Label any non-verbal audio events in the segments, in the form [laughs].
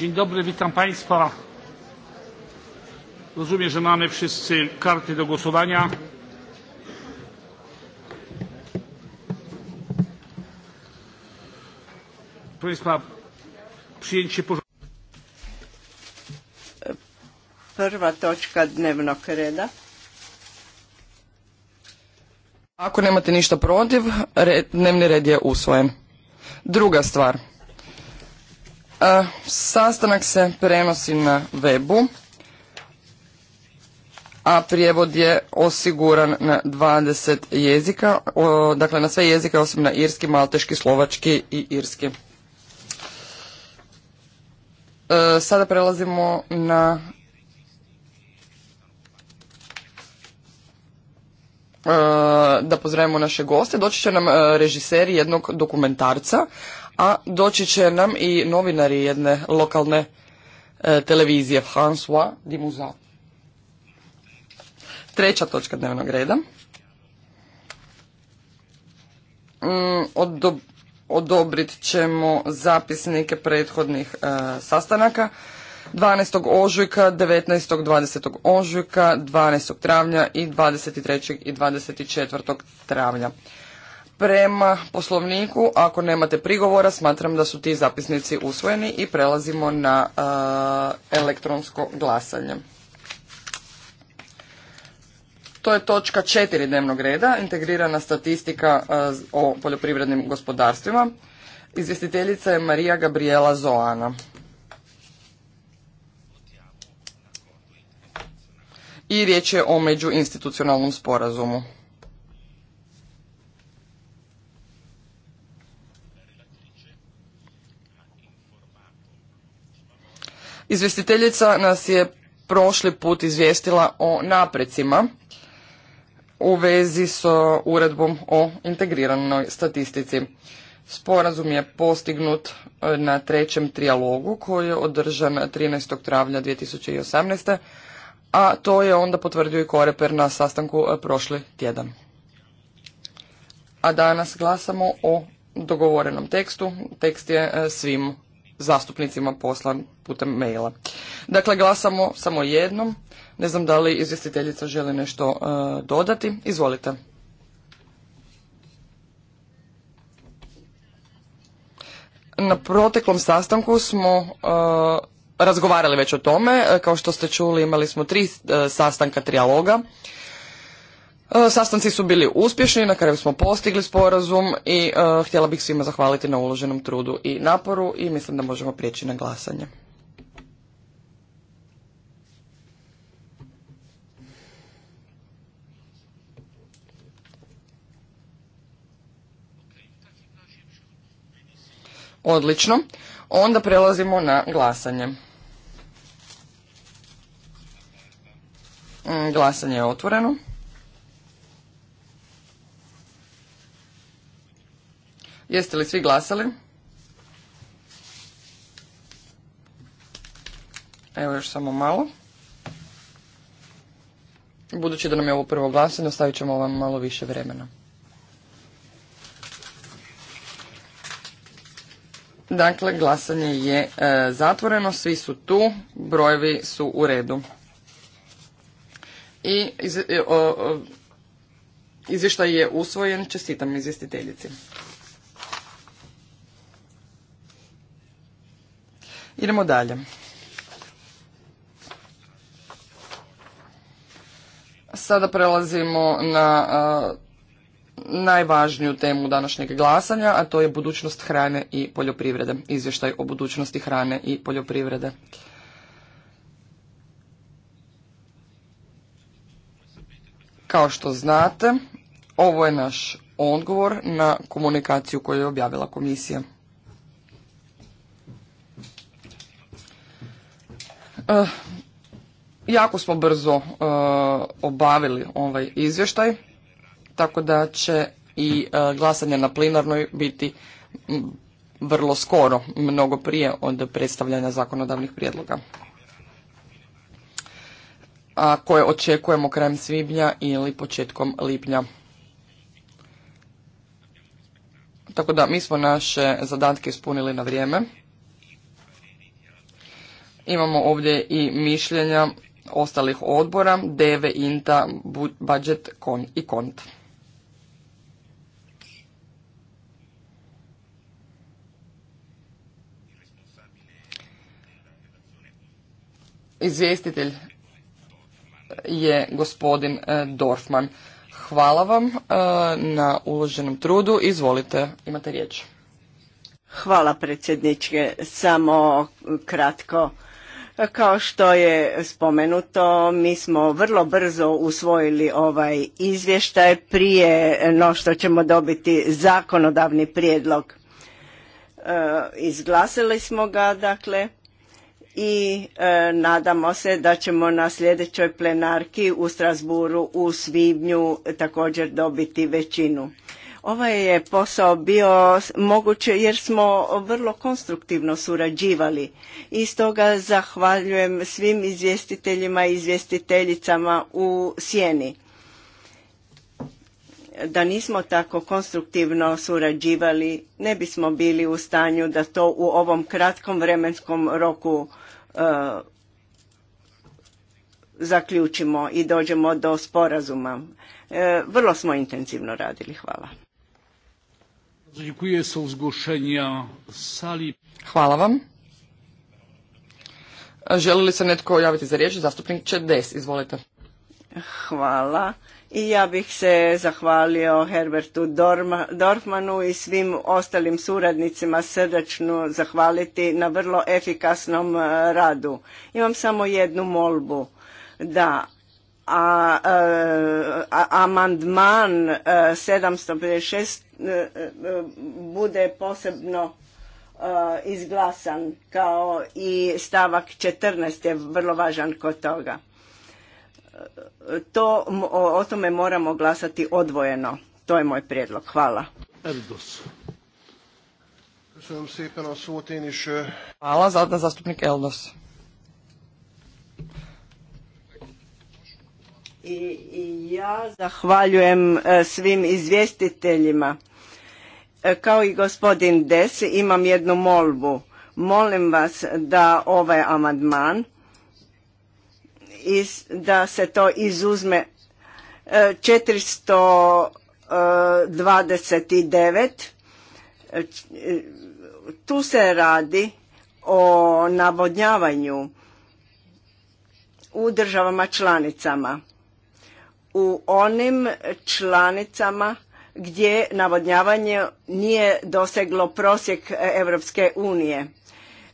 Dzień dobry, witam Państwa. Rozumiem, że mamy wszyscy karty do głosowania. Proszę Państwa, przyjęcie Prva točka dnevnog reda. Ako nemate ništa protiv, dnevni red je usvojen. Druga stvar. Sastanak se prenosi na webu, a prijevod je osiguran na 20 jezika, dakle na sve jezike osim na irski, malteški, slovački i irski. E, sada prelazimo na e, da pozdravimo naše goste. Doći će nam e, režiseri jednog dokumentarca, a doći će nam i novinari jedne lokalne e, televizije François Dimouza. Treća točka dnevnog reda. Mm, odobrit ćemo zapisnike prethodnih e, sastanaka. 12. ožujka, 19. 20. ožujka, 12. travnja i 23. i 24. travnja. Prema poslovniku, ako nemate prigovora, smatram da su ti zapisnici usvojeni i prelazimo na elektronsko glasanje. To je točka četiri dnevnog reda, integrirana statistika o poljoprivrednim gospodarstvima. Izvjestiteljica je Marija Gabriela Zoana. I riječ je o međuinstitucionalnom sporazumu. Izvjestiteljica nas je prošli put izvijestila o naprecima u vezi s uredbom o integriranoj statistici. Sporazum je postignut eh, na trećem trijalogu koji je održan 13. travnja 2018. A to je onda potvrdio i Koreper na sastanku eh, prošli tjedan. A danas glasamo o dogovorenom tekstu. Tekst je eh, svim zastupnicima poslan putem maila. Dakle, glasamo samo jednom. Ne znam da li izvjestiteljica želi nešto e, dodati. Izvolite. Na proteklom sastanku smo e, razgovarali već o tome. E, kao što ste čuli imali smo tri sastanka trijaloga. E, sastanci su bili uspješni, na kraju smo postigli sporazum i e, htjela bih svima zahvaliti na uloženom trudu i naporu i mislim da možemo prijeći na glasanje. Odlično. Onda prelazimo na glasanje. Mm, glasanje je otvoreno. Jeste li svi glasali? Evo još samo malo. Budući da nam je ovo prvo glasanje, ostavit ćemo vam malo više vremena. Dakle, glasanje je e, zatvoreno, svi su tu, brojevi su u redu. I iz, e, izvještaj je usvojen, čestitam izvjestiteljici. Idemo dalje. Sada prelazimo na najvažniju temu današnjeg glasanja, a to je budućnost hrane i poljoprivrede. Izvještaj o budućnosti hrane i poljoprivrede. Kao što znate, ovo je naš odgovor na komunikaciju koju je objavila komisija. Eh, jako smo brzo eh, obavili ovaj izvještaj, tako da će i eh, glasanje na plinarnoj biti vrlo skoro, mnogo prije od predstavljanja zakonodavnih prijedloga. A koje očekujemo krajem svibnja ili početkom lipnja. Tako da mi smo naše zadatke ispunili na vrijeme. Imamo ovdje i mišljenja ostalih odbora, DEVE, INTA, Budget kon i KONT. Izvjestitelj je gospodin e, Dorfman. Hvala vam e, na uloženom trudu. Izvolite, imate riječ. Hvala predsjedničke. Samo kratko kao što je spomenuto, mi smo vrlo brzo usvojili ovaj izvještaj prije no što ćemo dobiti zakonodavni prijedlog. E, izglasali izglasili smo ga, dakle, i e, nadamo se da ćemo na sljedećoj plenarki u Strasburu u Svibnju također dobiti većinu. Ovaj je posao bio moguće jer smo vrlo konstruktivno surađivali i stoga zahvaljujem svim izvjestiteljima i izvjestiteljicama u sjeni. Da nismo tako konstruktivno surađivali, ne bismo bili u stanju da to u ovom kratkom vremenskom roku e, zaključimo i dođemo do sporazuma. E, vrlo smo intenzivno radili. Hvala. Hvala vam. Želi li se netko javiti za riječ? Zastupnik Čedes, izvolite. Hvala. I ja bih se zahvalio Herbertu Dorfmanu i svim ostalim suradnicima srdačno zahvaliti na vrlo efikasnom e, radu. Imam samo jednu molbu. Da, a e, amandman 756 e, E, e, bude posebno e, izglasan kao i stavak 14 je vrlo važan kod toga. To, o, tome moramo glasati odvojeno. To je moj prijedlog. Hvala. Eldos. Hvala, zadnja zastupnik Eldos. i ja zahvaljujem svim izvjestiteljima E, kao i gospodin Des imam jednu molbu. Molim vas da ovaj amandman da se to izuzme 429 e, e, tu se radi o navodnjavanju u državama članicama u onim članicama gdje navodnjavanje nije doseglo prosjek Europske unije.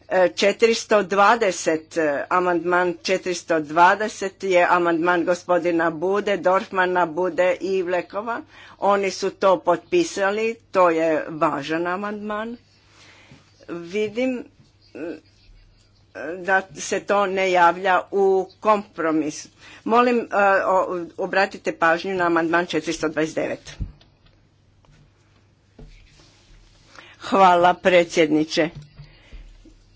420, e, e, amandman 420 je amandman gospodina Bude, Dorfmana Bude i Vlekova. Oni su to potpisali, to je važan amandman. Vidim mm, da se to ne javlja u kompromis. Molim, e, obratite pažnju na amandman 429. Hvala predsjedniče.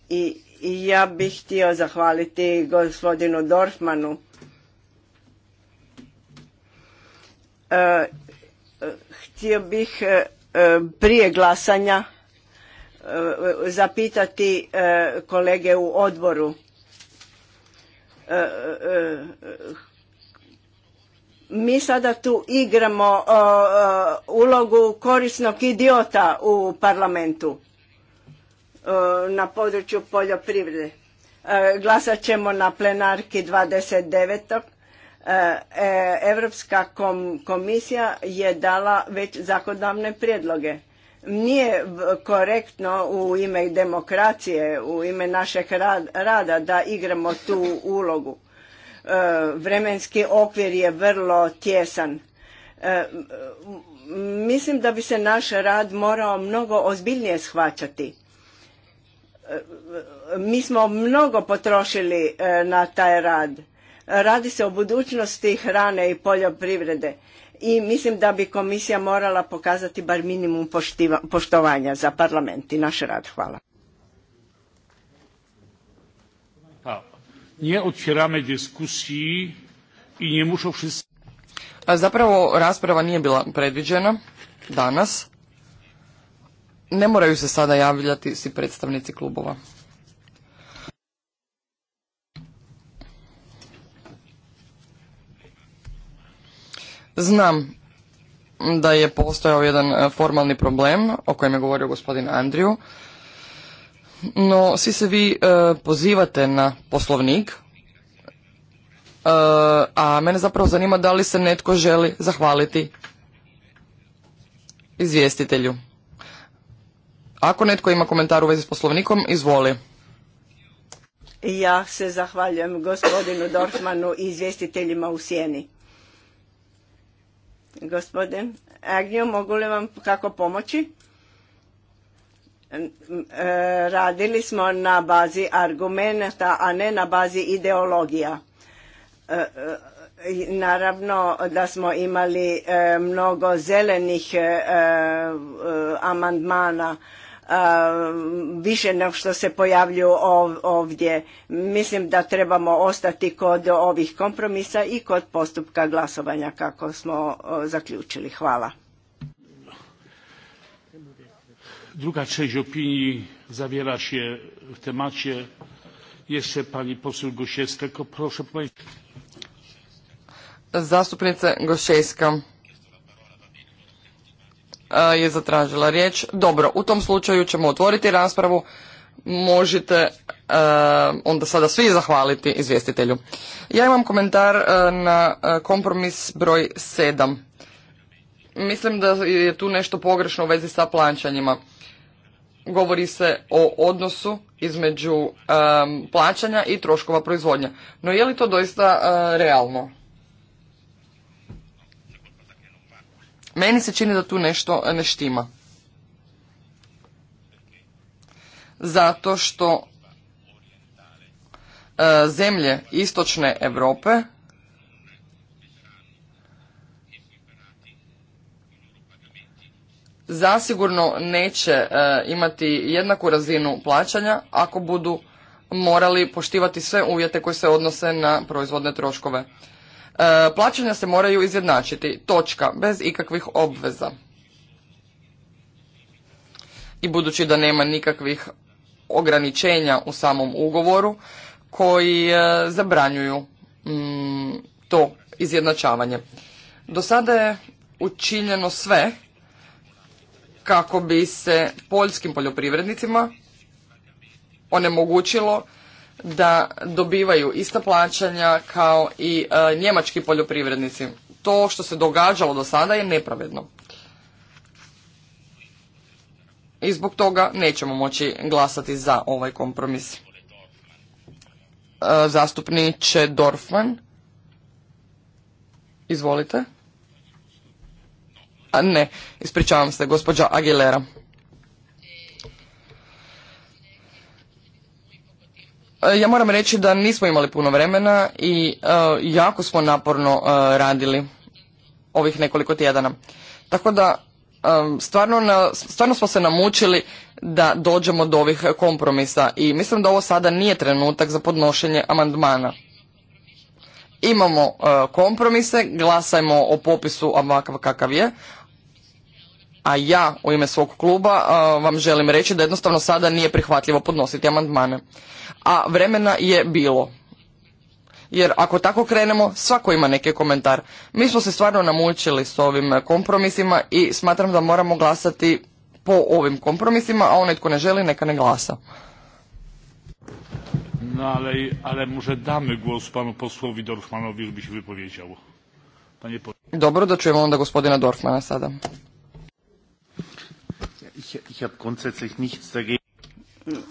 I, ja bih htio zahvaliti gospodinu Dorfmanu. E, htio bih e, e, prije glasanja zapitati kolege u odboru mi sada tu igramo ulogu korisnog idiota u parlamentu na području poljoprivrede. E, glasat ćemo na plenarki 29. Europska e, komisija je dala već zakonodavne prijedloge. Nije korektno u ime demokracije, u ime našeg rada da igramo tu ulogu E, vremenski okvir je vrlo tjesan. E, mislim da bi se naš rad morao mnogo ozbiljnije shvaćati. E, mi smo mnogo potrošili na taj rad. Radi se o budućnosti hrane i poljoprivrede i mislim da bi komisija morala pokazati bar minimum poštovanja za parlament i naš rad. Hvala. Nie otwieramy dyskusji i nie muszą wszyscy... Zapravo rasprava nije bila predviđena danas. Ne moraju se sada javljati svi predstavnici klubova. Znam da je postojao jedan e, formalni problem o kojem je govorio gospodin Andriju. No, svi se vi e, pozivate na poslovnik, e, a mene zapravo zanima da li se netko želi zahvaliti izvjestitelju. Ako netko ima komentar u vezi s poslovnikom, izvoli. Ja se zahvaljujem gospodinu Dorfmanu i izvjestiteljima u sjeni. Gospodin Agnjo, mogu li vam kako pomoći? E, radili smo na bazi argumenata, a ne na bazi ideologija. E, e, naravno da smo imali mnogo zelenih amandmana, više nego što se pojavlju ovdje. Mislim da trebamo ostati kod ovih kompromisa i kod postupka glasovanja kako smo zaključili. Hvala. druga część opinii zawiera się w temacie. Jeszcze pani poseł Gosiewska. Proszę powiedzieć. Zastupnica Gosiewska. je zatražila riječ. Dobro, u tom slučaju ćemo otvoriti raspravu. Možete e, onda sada svi zahvaliti izvjestitelju. Ja imam komentar e, na e, kompromis broj 7. Mislim da je tu nešto pogrešno u vezi sa plaćanjima govori se o odnosu između plaćanja i troškova proizvodnja. No je li to doista e, realno? Meni se čini da tu nešto ne štima. Zato što e, zemlje istočne Europe zasigurno neće e, imati jednaku razinu plaćanja ako budu morali poštivati sve uvjete koji se odnose na proizvodne troškove. E, plaćanja se moraju izjednačiti, točka, bez ikakvih obveza. I budući da nema nikakvih ograničenja u samom ugovoru koji e, zabranjuju mm, to izjednačavanje. Do sada je učinjeno sve kako bi se poljskim poljoprivrednicima onemogućilo da dobivaju ista plaćanja kao i e, njemački poljoprivrednici. To što se događalo do sada je nepravedno. I zbog toga nećemo moći glasati za ovaj kompromis. E, zastupniče Dorfman, izvolite. A ne, ispričavam se, gospođa Aguilera. E, ja moram reći da nismo imali puno vremena i e, jako smo naporno e, radili ovih nekoliko tjedana. Tako da stvarno, smo se namučili da dođemo do ovih kompromisa i mislim da ovo sada nije trenutak za podnošenje amandmana. Imamo kompromise, glasajmo o popisu ovakav kakav je, a ja u ime svog kluba vam želim reći da jednostavno sada nije prihvatljivo podnositi amandmane. A vremena je bilo. Jer ako tako krenemo, svako ima neki komentar. Mi smo se stvarno namučili s ovim kompromisima i smatram da moramo glasati po ovim kompromisima, a onaj tko ne želi neka ne glasa. No ale, ale może damy głos panu posłowi żeby się wypowiedział. Dobro, da čujemo onda gospodina Dorfmana sada.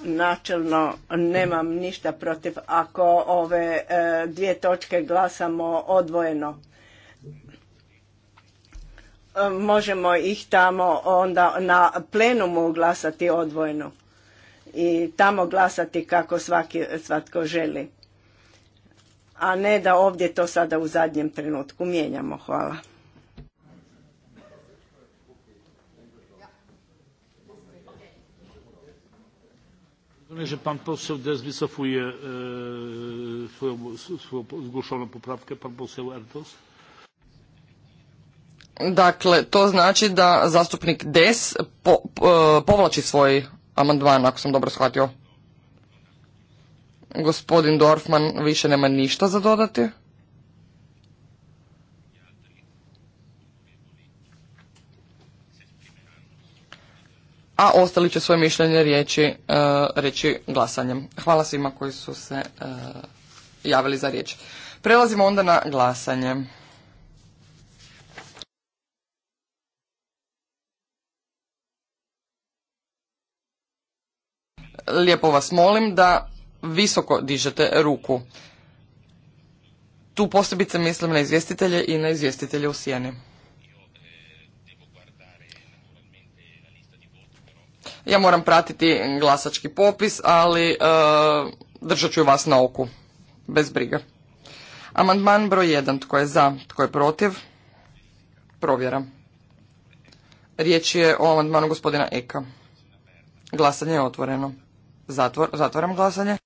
Načelno nemam ništa protiv ako ove e, dvije točke glasamo odvojeno. E, možemo ih tamo onda na plenumu glasati odvojeno i tamo glasati kako svaki, svatko želi. A ne da ovdje to sada u zadnjem trenutku mijenjamo. Hvala. Rozumiem, że pan poseł Des wycofuje e, swoją, swoją zgłoszoną poprawkę. Pan poseł Erdos. Dakle, to znači da zastupnik Des po, po, e, povlači svoj amandman, ako sam dobro shvatio. Gospodin Dorfman više nema ništa za dodati. a ostali će svoje mišljenje riječi, e, reći glasanjem. Hvala svima koji su se e, javili za riječ. Prelazimo onda na glasanje. Lijepo vas molim da visoko dižete ruku. Tu posebice mislim na izvjestitelje i na izvjestitelje u sjeni. Ja moram pratiti glasački popis, ali e, držat ću vas na oku. Bez briga. Amandman broj 1. Tko je za? Tko je protiv? Provjera. Riječ je o amandmanu gospodina Eka. Glasanje je otvoreno. Zatvor, zatvaram glasanje.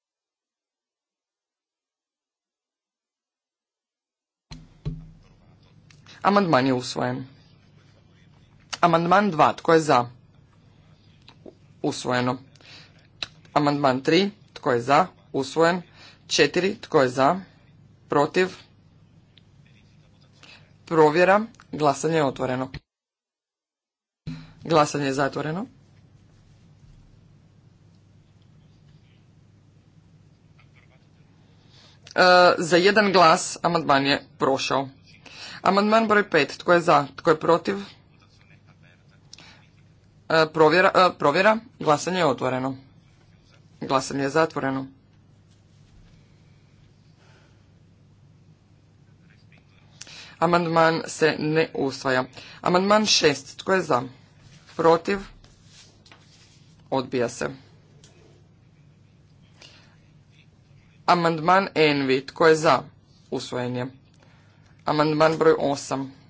Amandman je usvojen. Amandman 2. Tko je za? usvojeno. Amandman 3, tko je za, usvojen. 4, tko je za, protiv, provjera, glasanje je otvoreno. Glasanje je zatvoreno. E, za jedan glas amandman je prošao. Amandman broj 5. Tko je za? Tko je protiv? E, e, provjera, glasanje je otvoreno. Glasanje je zatvoreno. Amandman se ne usvaja. Amandman šest. Tko je za? Protiv? Odbija se. Amandman Envi. Tko je za? Usvojen je. Amandman broj osam.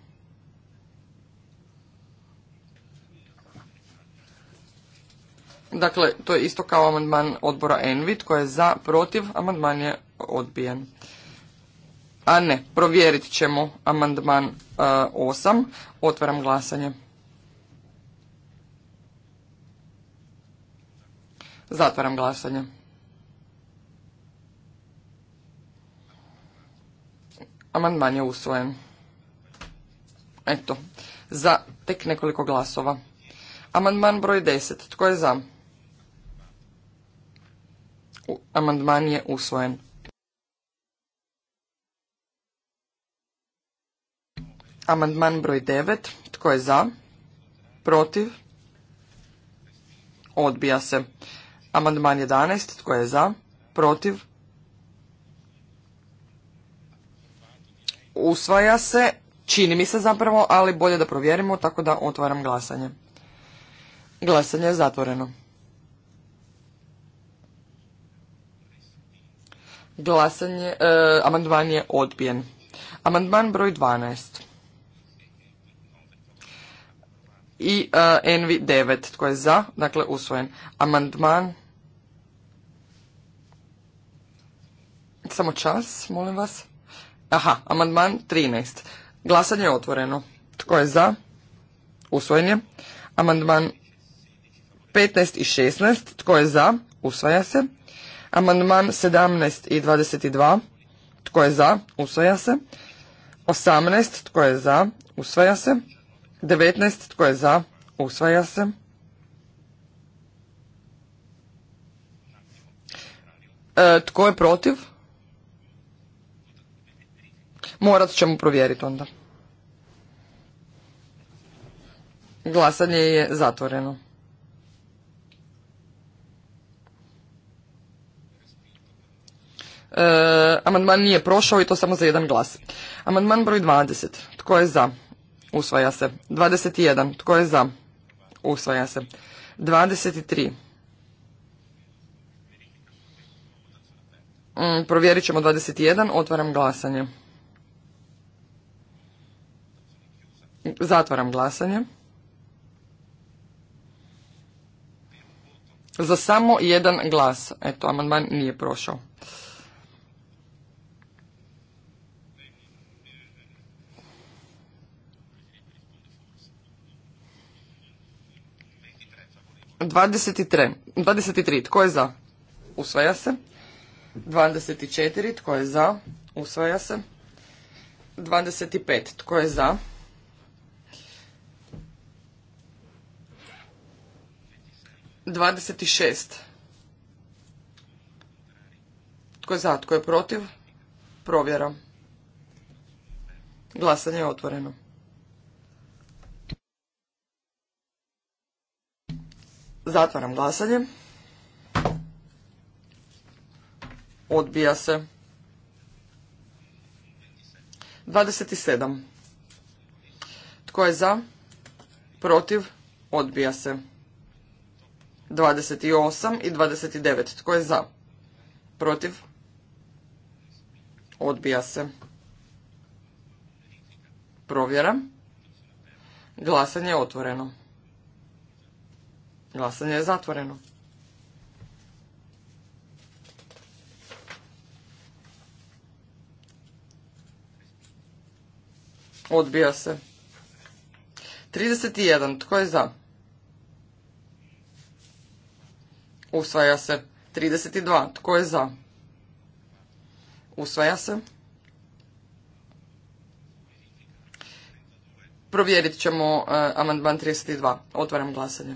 Dakle, to je isto kao amandman odbora Envi, tko je za, protiv, amandman je odbijen. A ne, provjerit ćemo amandman 8. E, Otvaram glasanje. Zatvaram glasanje. Amandman je usvojen. Eto, za tek nekoliko glasova. Amandman broj 10. Tko je za? Amandman je usvojen. Amandman broj 9. Tko je za? Protiv? Odbija se. Amandman 11. Tko je za? Protiv? Usvaja se. Čini mi se zapravo, ali bolje da provjerimo, tako da otvaram glasanje. Glasanje je zatvoreno. Glasanje, e, amandman je odbijen. Amandman broj 12. I uh, Envi 9, tko je za, dakle usvojen. Amandman, samo čas, molim vas. Aha, amandman 13. Glasanje je otvoreno. Tko je za? Usvojen je. Amandman 15 i 16. Tko je za? Usvaja se. Amandman 17 i 22. Tko je za? Usvaja se. 18. Tko je za? Usvaja se. 19. Tko je za? Usvaja se. E, tko je protiv? Morat ćemo provjeriti onda. Glasanje je zatvoreno. E, amandman nije prošao i to samo za jedan glas. Amandman broj 20. Tko je za? Usvaja se. 21. Tko je za? Usvaja se. 23. Mm, provjerit ćemo 21. Otvaram glasanje. Zatvaram glasanje. Za samo jedan glas. Eto, amandman nije prošao. 23. 23. Tko je za? Usvaja se. 24. Tko je za? Usvaja se. 25. Tko je za? Dvadeset Tko je za? Tko je protiv? Provjera. Glasanje je otvoreno. Zatvaram glasanje. Odbija se. 27. Tko je za? Protiv? Odbija se. 28 i 29. Tko je za? Protiv? Odbija se. Provjera. Glasanje je otvoreno. Glasanje je zatvoreno. Odbija se. 31. Tko je za? Usvaja se. 32. Tko je za? Usvaja se. Provjerit ćemo eh, amandman 32. Otvaram glasanje.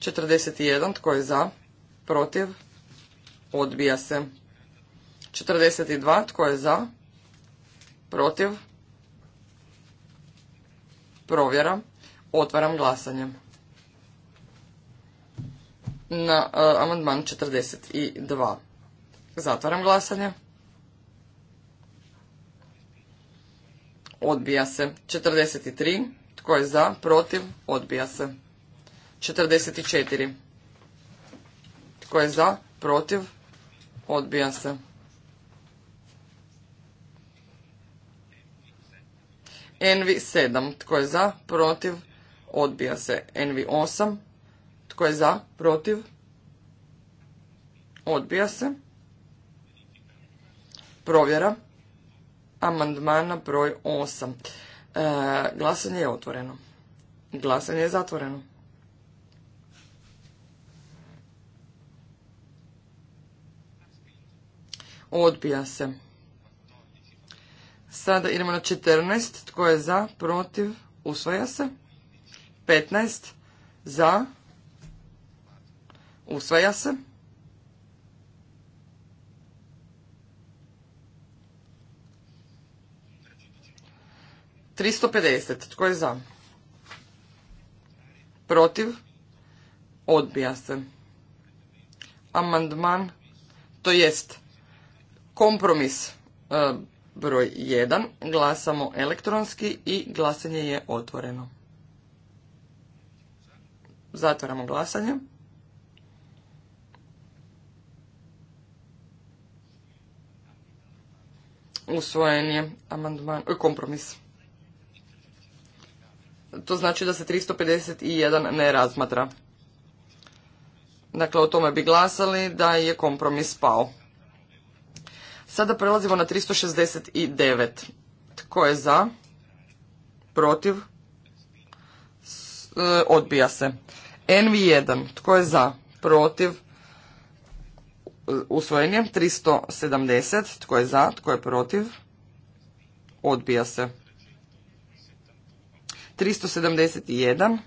41. Tko je za? Protiv? Odbija se. 42. Tko je za? Protiv? Provjera. Otvaram glasanje. Na uh, amandman 42. Zatvaram glasanje. Odbija se. 43. Tko je za? Protiv? Odbija se. 44. Tko je za? Protiv? Odbija se. Envi 7. Tko je za? Protiv? Odbija se. Envi 8. Tko je za? Protiv? Odbija se. Provjera. Amandmana broj 8. E, glasanje je otvoreno. Glasanje je zatvoreno. Odbija se. Sada idemo na 14. Tko je za? Protiv? Usvaja se. 15. Za? Usvaja se. Tristo pedeset. Tko je za? Protiv? Odbija se. Amandman, to jest Kompromis e, broj 1. Glasamo elektronski i glasanje je otvoreno. Zatvaramo glasanje. Usvojen je e, kompromis. To znači da se 351 ne razmatra. Dakle, o tome bi glasali da je kompromis pao. Sada prelazimo na 369. Tko je za? Protiv? E, odbija se. NV1. Tko je za? Protiv? E, usvojen je. 370. Tko je za? Tko je protiv? Odbija se. 371.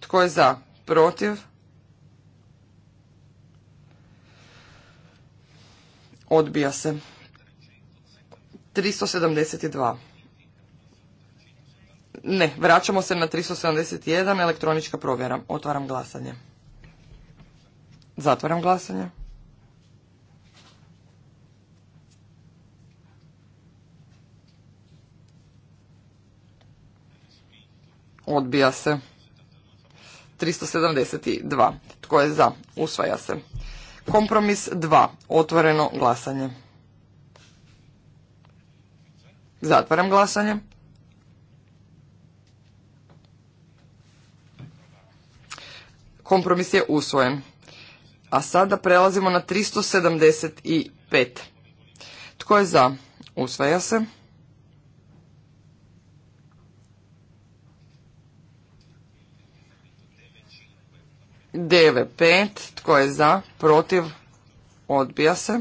Tko je za? Protiv? Odbija se. 372. Ne, vraćamo se na 371, elektronička provjera. Otvaram glasanje. Zatvaram glasanje. Odbija se. 372. Tko je za? Usvaja se. Kompromis 2. Otvoreno glasanje. Zatvaram glasanje. Kompromis je usvojen. A sada prelazimo na 375. Tko je za? Usvaja se. DV5, tko je za, protiv, odbija se.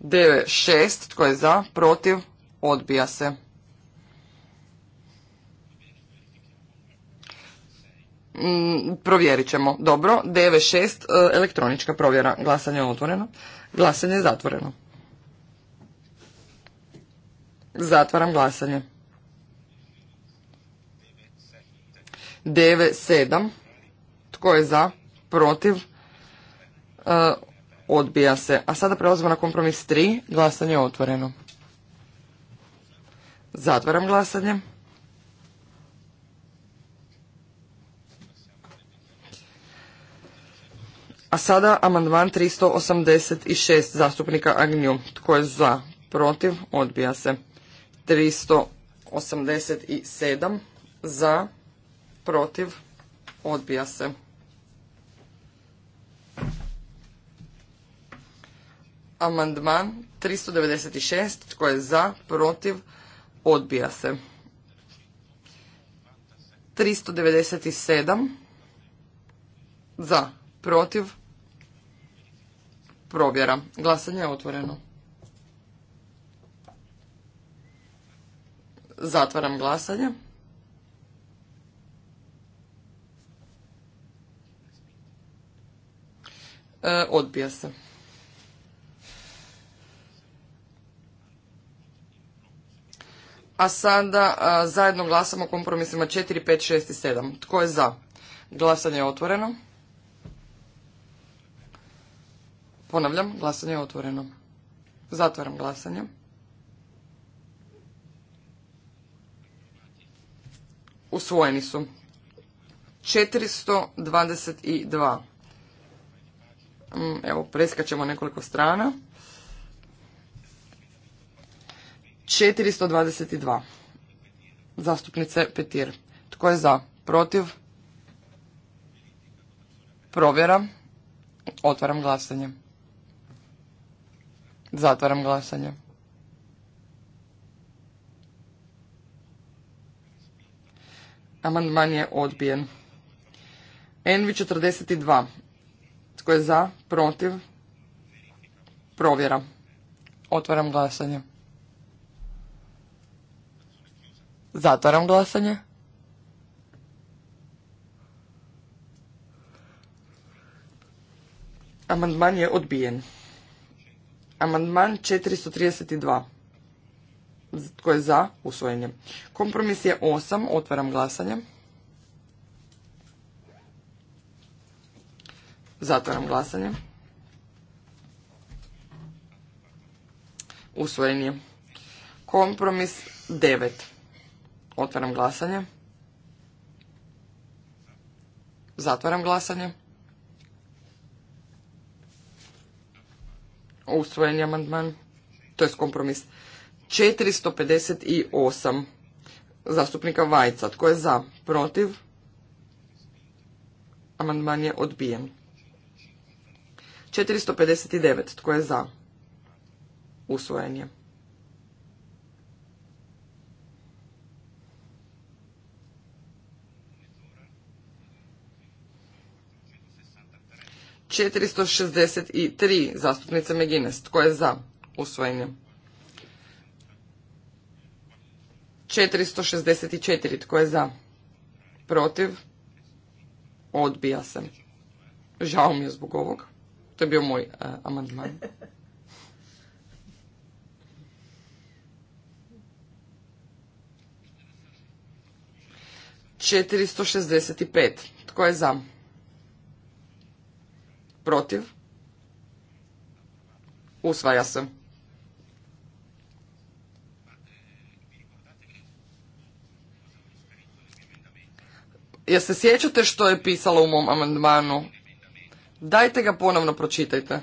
DV6, tko je za, protiv, odbija se. Mm, provjerit ćemo. Dobro, DV6, e, elektronička provjera. Glasanje je otvoreno. Glasanje je zatvoreno. Zatvaram glasanje. 97. 7 Tko je za? Protiv? E, odbija se. A sada prelazimo na kompromis 3. Glasanje je otvoreno. Zatvaram glasanje. A sada amandman 386 zastupnika Agnju. Tko je za? Protiv? Odbija se. 387 za, protiv, odbija se. Amandman 396, tko je za, protiv, odbija se. 397, za, protiv, provjera. Glasanje je otvoreno. Zatvaram glasanje. E, odbija se. A sada e, zajedno glasamo kompromisima 4, 5, 6 i 7. Tko je za? Glasanje je otvoreno. Ponavljam, glasanje je otvoreno. Zatvaram glasanje. Usvojeni su. 422. Mm, evo preskačemo nekoliko strana. 422. Zastupnice Petir. Tko je za? Protiv? Provjera. Otvaram glasanje. Zatvaram glasanje. Amandman je odbijen. Envi 42. Tko je za? Protiv? Provjera. Otvaram glasanje. Zatvaram glasanje. Amandman je odbijen. Amandman 432. Tko je za? usvojenje Kompromis je 8. Otvaram glasanje. Zatvaram glasanje. Usvojen je. Kompromis 9. Otvaram glasanje. Zatvaram glasanje. Usvojen je amandman. To je kompromis. 458 zastupnika Vajca. Tko je za? Protiv? Amandman je odbijen. 459. Tko je za? Usvojen je. Četiristo šezdeset tri zastupnice Megines. Tko je za? Usvojen šezdeset četiri Tko je za? Protiv? Odbija se. Žao mi je zbog ovoga. To je bio moj uh, amandman. Četiristo šestdeset pet. Tko je za? Protiv? Usvaja se. jeste se sjećate što je pisalo u mom amandmanu? Dajte ga ponovno pročitajte.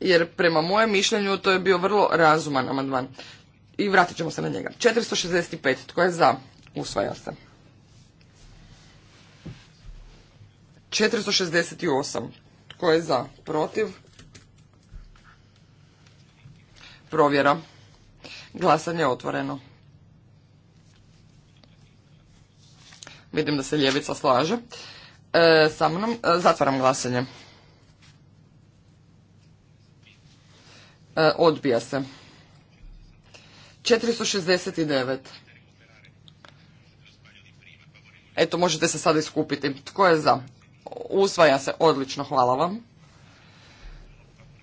Jer prema mojem mišljenju to je bio vrlo razuman amandman. I vratit ćemo se na njega. 465. Tko je za? Usvaja se. 468. Tko je za? Protiv? Provjera. Glasanje je otvoreno. Vidim da se ljevica slaže. E, sa e, zatvaram glasanje. E, odbija se. 469. Eto, možete se sad iskupiti. Tko je za? Usvaja se. Odlično, hvala vam.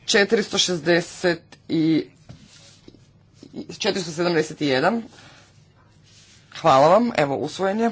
460 i 471. Hvala vam. Evo, usvojen je.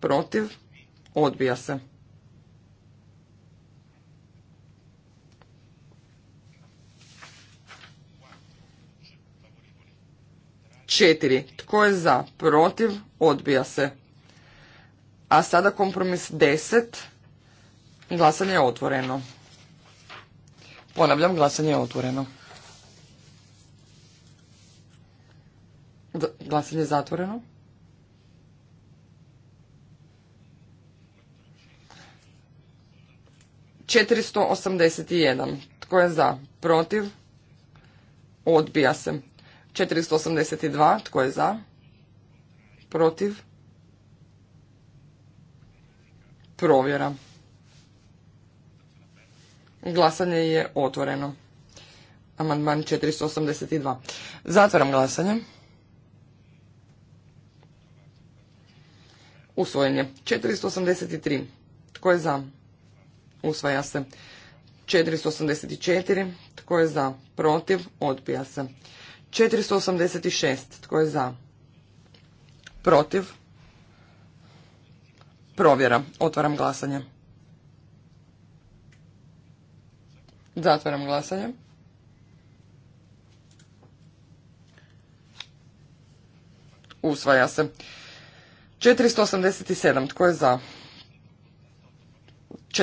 protiv, odbija se. Četiri. Tko je za? Protiv? Odbija se. A sada kompromis deset. Glasanje je otvoreno. Ponavljam, glasanje je otvoreno. Glasanje je zatvoreno. 481. Tko je za? Protiv? Odbija se. 482. Tko je za? Protiv? Provjera. Glasanje je otvoreno. Amandman 482. Zatvaram glasanje. Usvojen je. 483. Tko je za? usvaja se. 484, tko je za, protiv, odbija se. 486, tko je za, protiv, provjera, otvaram glasanje. Zatvaram glasanje. Usvaja se. 487, tko je za,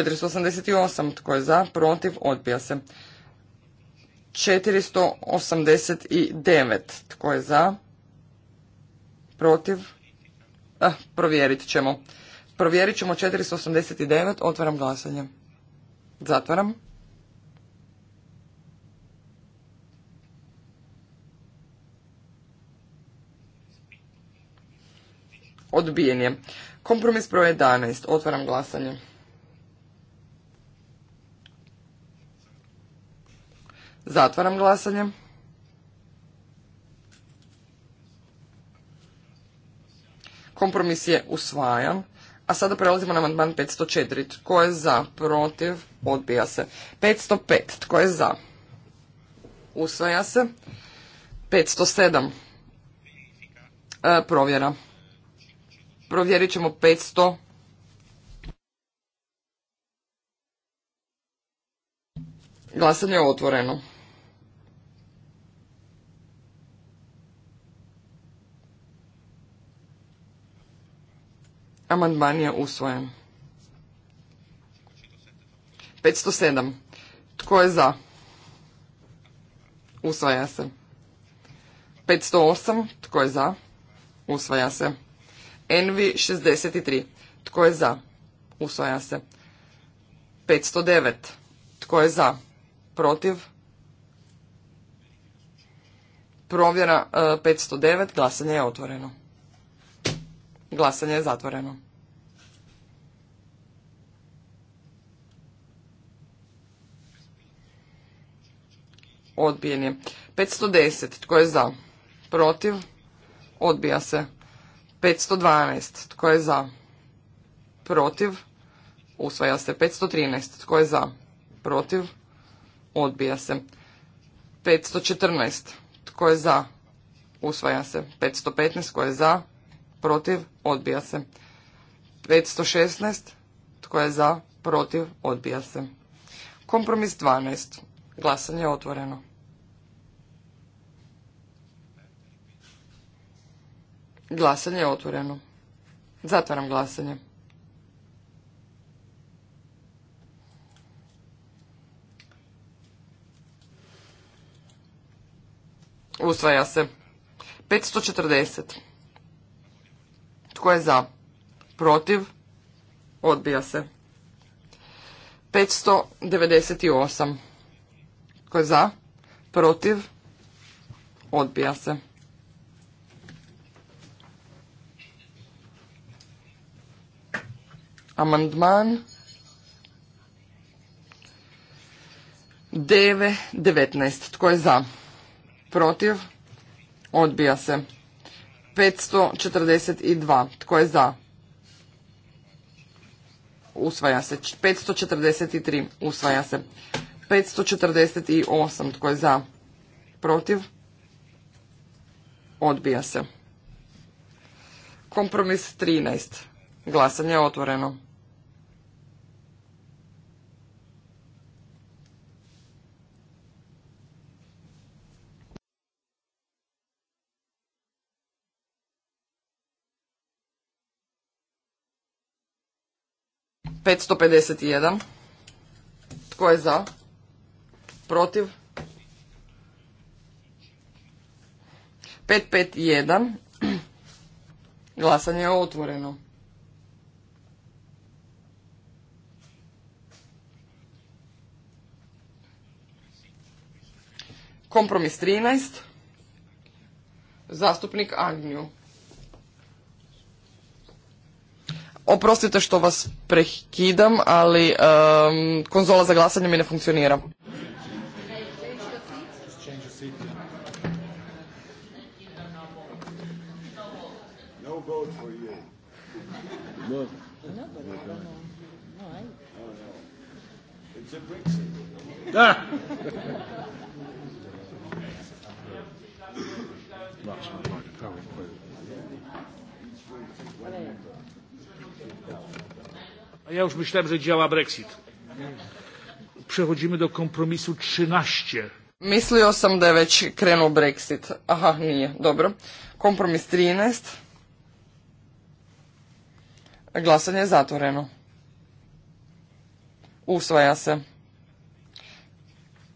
488. Tko je za? Protiv? Odbija se. 489. Tko je za? Protiv? Eh, provjerit ćemo. Provjerit ćemo 489. Otvaram glasanje. Zatvaram. Odbijen je. Kompromis broj 11. Otvaram glasanje. Zatvaram glasanje. Kompromis je usvajan. A sada prelazimo na amandman 504. Tko je za? Protiv? Odbija se. 505. Tko je za? Usvaja se. 507. E, provjera. Provjerit ćemo 500. Glasanje je otvoreno. Amandman je usvojen. 507. Tko je za? Usvaja se. 508. Tko je za? Usvaja se. NV 63. Tko je za? Usvaja se. 509. Tko je za? Protiv? Provjera 509. E, Glasanje je otvoreno. Glasanje je zatvoreno. Odbijen je. 510. Tko je za? Protiv? Odbija se. 512. Tko je za? Protiv? Usvaja se. 513. Tko je za? Protiv? Odbija se. 514. Tko je za? Usvaja se. 515. Tko je za? protiv, odbija se. 516, tko je za, protiv, odbija se. Kompromis 12, glasanje je otvoreno. Glasanje je otvoreno. Zatvaram glasanje. Usvaja se. 540. Tko je za? Protiv? Odbija se. 598. Tko je za? Protiv? Odbija se. Amandman 9.19. Tko je za? Protiv? Odbija se. 542. Tko je za? Usvaja se. 543. Usvaja se. 548. Tko je za? Protiv? Odbija se. Kompromis 13. Glasanje je otvoreno. 551. Tko je za? Protiv? 551. Glasanje je otvoreno. Kompromis 13. Zastupnik Agnju. Oprostite što vas prekidam, ali konzola za glasanje mi ne funkcionira. Da. [laughs] Ja już myślałem, że działa Brexit. Przechodzimy do kompromisu 13. Mislio sam da je već Brexit. Aha, nie, Dobro. Kompromis 13. Glasanje je zatvoreno. Usvaja se.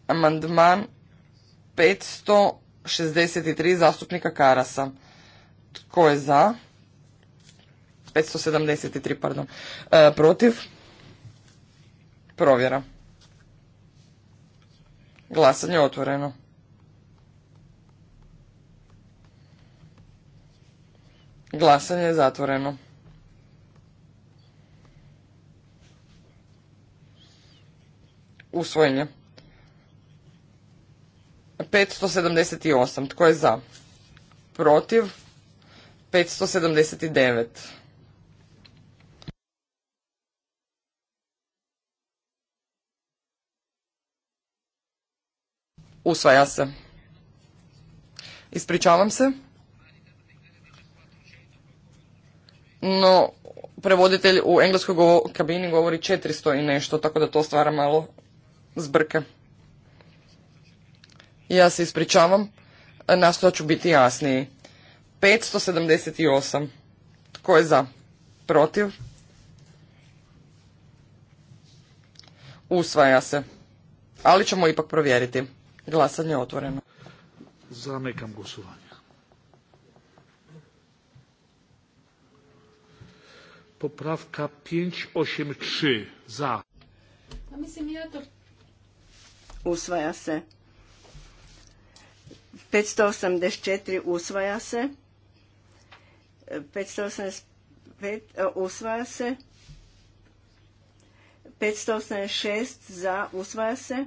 Amandman 563 zastupnika Karasa. Tko je za? 573, pardon. E, protiv? Provjera. Glasanje otvoreno. Glasanje je zatvoreno. Usvojenje. 578. Tko je za? Protiv? 579. Usvaja se. Ispričavam se. No, prevoditelj u engleskoj kabini govori 400 i nešto, tako da to stvara malo zbrke. Ja se ispričavam, nastojat ću biti jasniji. 578. Tko je za? Protiv? Usvaja se. Ali ćemo ipak provjeriti. Glasanje je otvoreno. Zamekam glasovanje. Popravka 583 za. A mislim je to... Usvaja se. 584 usvaja se. 585 e, usvaja se. 586 za usvaja se.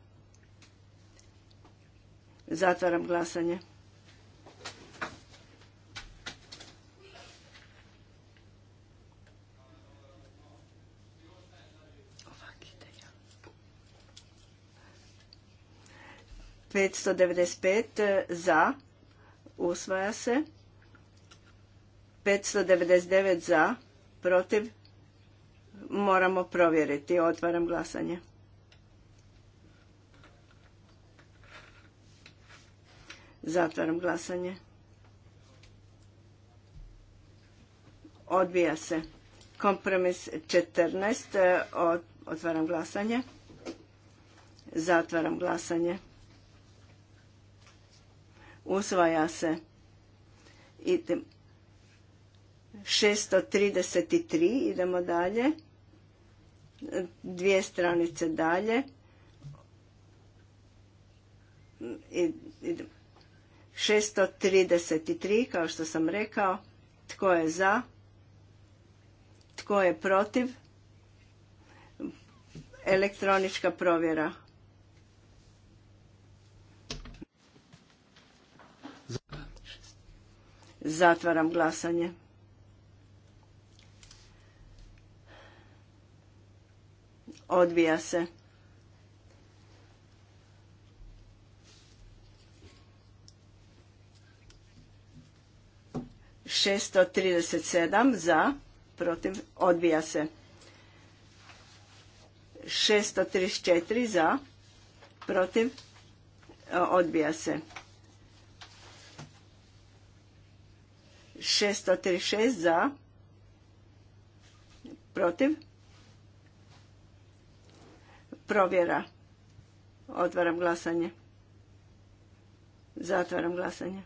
Zatvaram glasanje. Petsto eh, za usvaja se. 599 za, protiv, moramo provjeriti. Otvaram glasanje. Zatvaram glasanje. Odbija se. Kompromis 14. E, otvaram glasanje. Zatvaram glasanje. Usvaja se. Idem. 633. Idemo dalje. Dvije stranice dalje. Idemo. 633, kao što sam rekao, tko je za, tko je protiv, elektronička provjera. Zatvaram glasanje. Odvija se. 637 za, protiv, odbija se. 634 za, protiv, e, odbija se. 636 za, protiv, provjera. Otvaram glasanje. Zatvaram glasanje.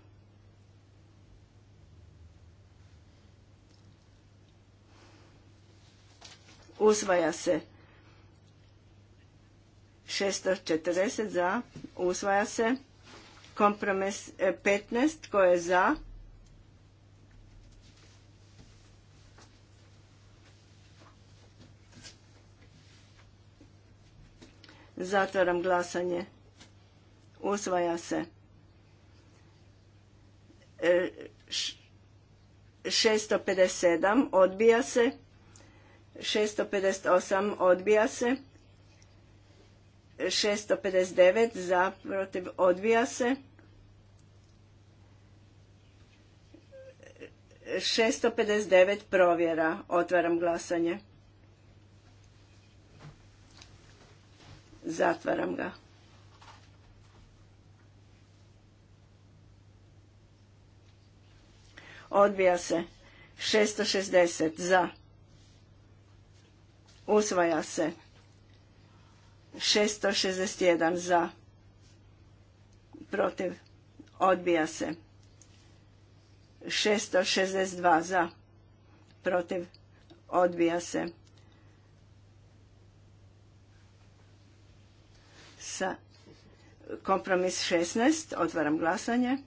usvaja se. 640 za, usvaja se. Kompromis 15, e, koje je za? Zatvaram glasanje. Usvaja se. 657 e, odbija se. 658 odbija se. 659 za protiv odbija se. 659 provjera. Otvaram glasanje. Zatvaram ga. Odbija se. 660 za. Usvaja se. 661 za. Protiv. Odbija se. 662 za. Protiv. Odbija se. Sa kompromis 16. Otvaram glasanje.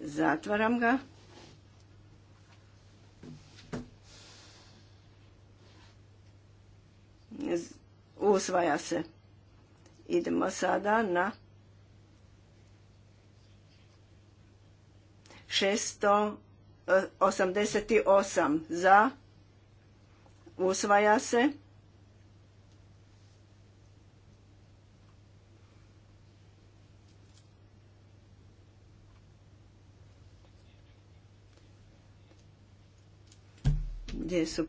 Zatvaram ga. usvaja se. Idemo sada na 688 e, za, usvaja se. Gdje su?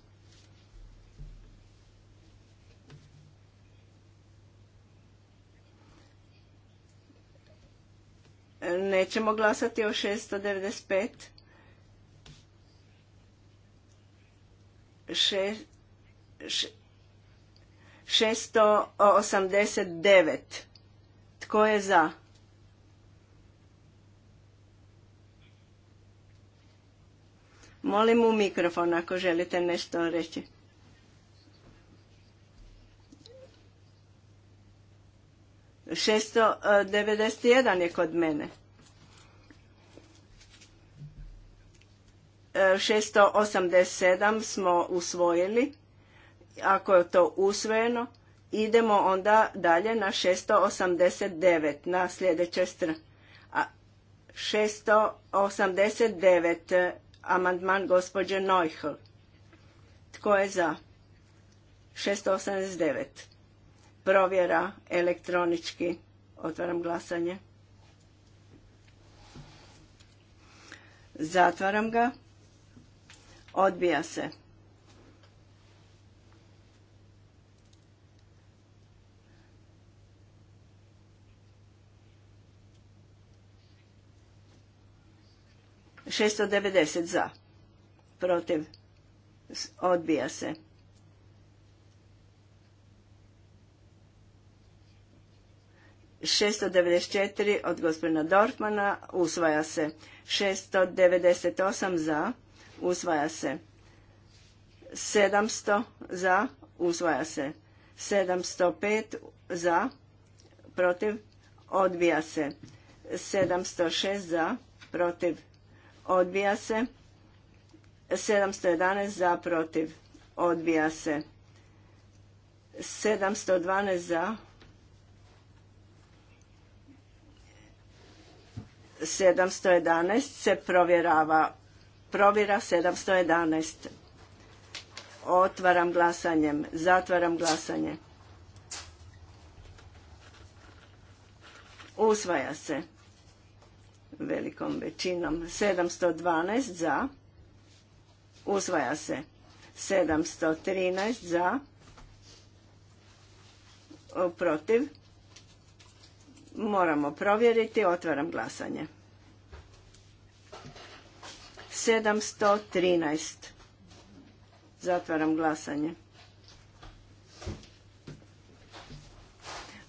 Nećemo glasati o 695. 689. Tko je za? Molim u mikrofon ako želite nešto reći. Šesto devedeset jedan je kod mene. 687 smo usvojili. Ako je to usvojeno, idemo onda dalje na 689 na sljedeće strane. 689 amandman gospođe Neuhl. Tko je za? 689. Provjera elektronički. Otvaram glasanje. Zatvaram ga. Odbija se. Šesto devedeset za. Protiv. Odbija se. šesto devedeset četiri od gospodina Dorfmana usvaja se šesto devedeset osam za usvaja se. 700 za, usvaja se. 705 za, protiv, odbija se. 706 za, protiv, odbija se. 711 za, protiv, odbija se. 712 za, 711 se provjerava Provjera 711. Otvaram glasanjem. Zatvaram glasanje. Usvaja se velikom većinom. 712 za. Usvaja se. 713 za. Protiv. Moramo provjeriti. Otvaram glasanje. 713. Zatvaram glasanje.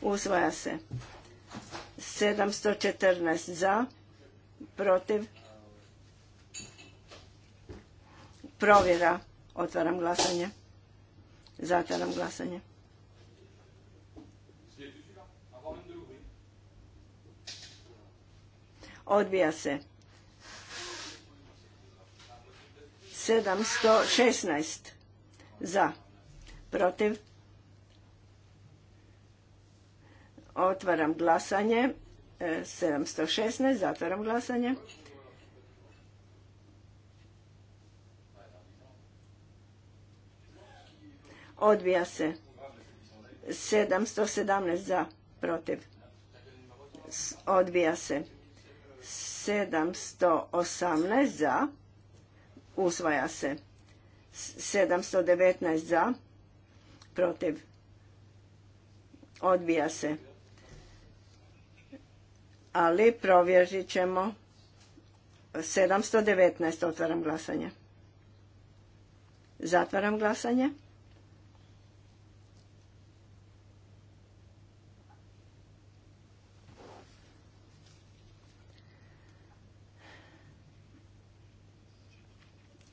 Usvaja se. 714 za, protiv. Provjera. Otvaram glasanje. Zatvaram glasanje. Odbija se. 716 za protiv otvaram glasanje 716 e, zatvaram glasanje odbija se 717 za protiv odbija se 718 za usvaja se. 719 za, protiv, odbija se. Ali provjerit ćemo 719, otvaram glasanje. Zatvaram glasanje.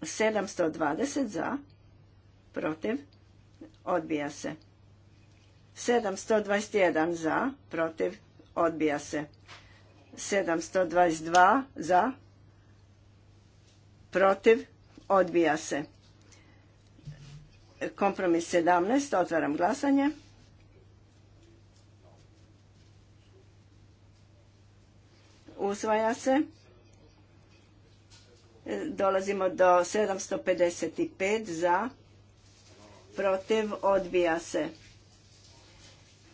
720 za, protiv, odbija se. 721 za, protiv, odbija se. 722 za, protiv, odbija se. Kompromis 17, otvaram glasanje. Usvaja se. Dolazimo do 755 za, protiv, odbija se.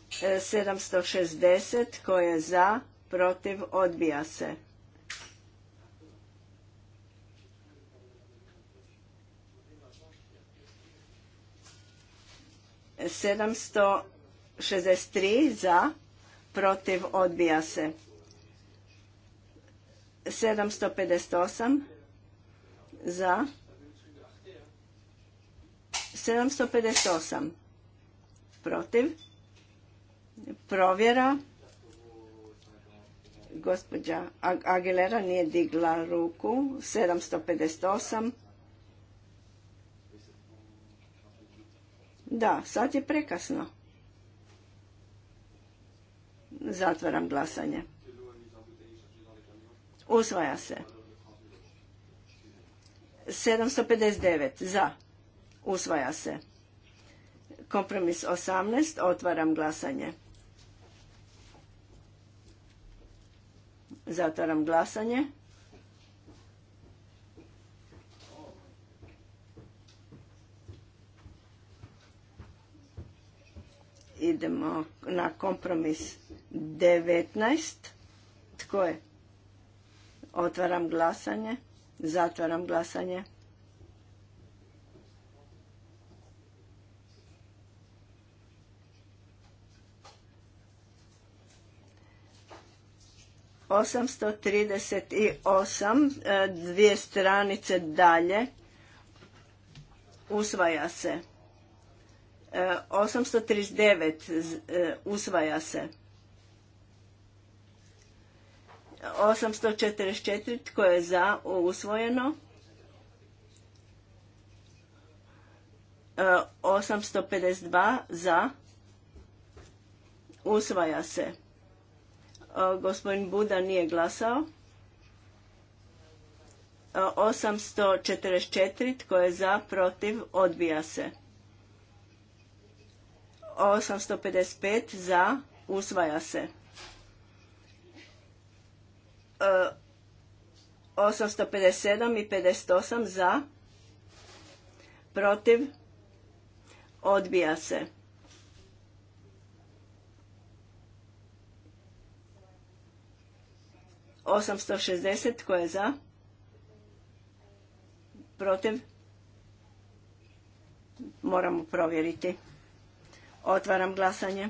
760 koje za, protiv, odbija se. Sedamsto šezdeset tri za, protiv, odbija se. Sedamsto pedeset osam za 758 protiv provjera gospođa Aguilera nije digla ruku 758 da sad je prekasno zatvaram glasanje usvaja se 759 za. Usvaja se. Kompromis 18. Otvaram glasanje. Zatvaram glasanje. Idemo na kompromis 19. Tko je? Otvaram glasanje. Zatvaram glasanje. Osamsto trideset osam e, dvije stranice dalje usvaja se. 839 e, e, usvaja se. 844 tko je za usvojeno 852 e, za usvaja se e, gospodin Buda nije glasao 844 e, tko je za protiv odbija se 855 za usvaja se 857 i 58 za, protiv, odbija se. Osamsto šezdeset, tko je za? Protiv? Moramo provjeriti. Otvaram glasanje.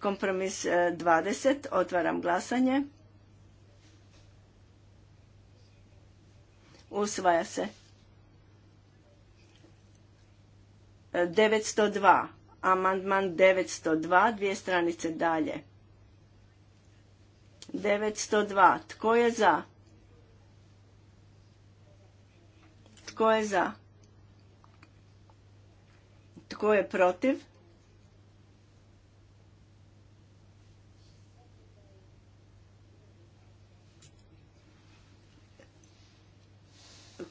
Kompromis 20. E, Otvaram glasanje. Usvaja se. 902. E, Amandman 902. Dvije stranice dalje. 902. Tko je za? Tko je za? Tko je protiv?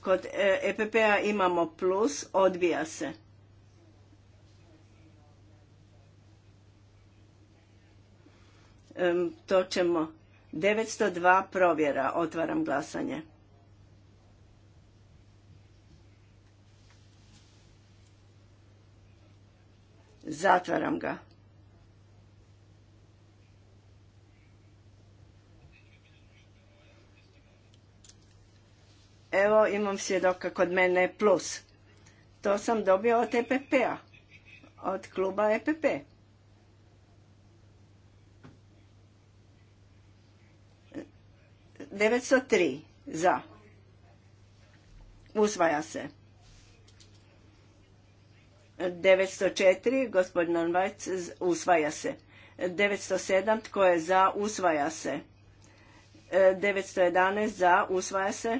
Kod EPP-a e imamo plus, odbija se. To ćemo 902 provjera. Otvaram glasanje. Zatvaram ga. Evo imam svjedoka kod mene plus. To sam dobio od EPP-a, od kluba EPP. Devetsto tri za. Usvaja se. 904, gospodin Anvajc, usvaja se. 907, tko je za, usvaja se. 911, za, usvaja se.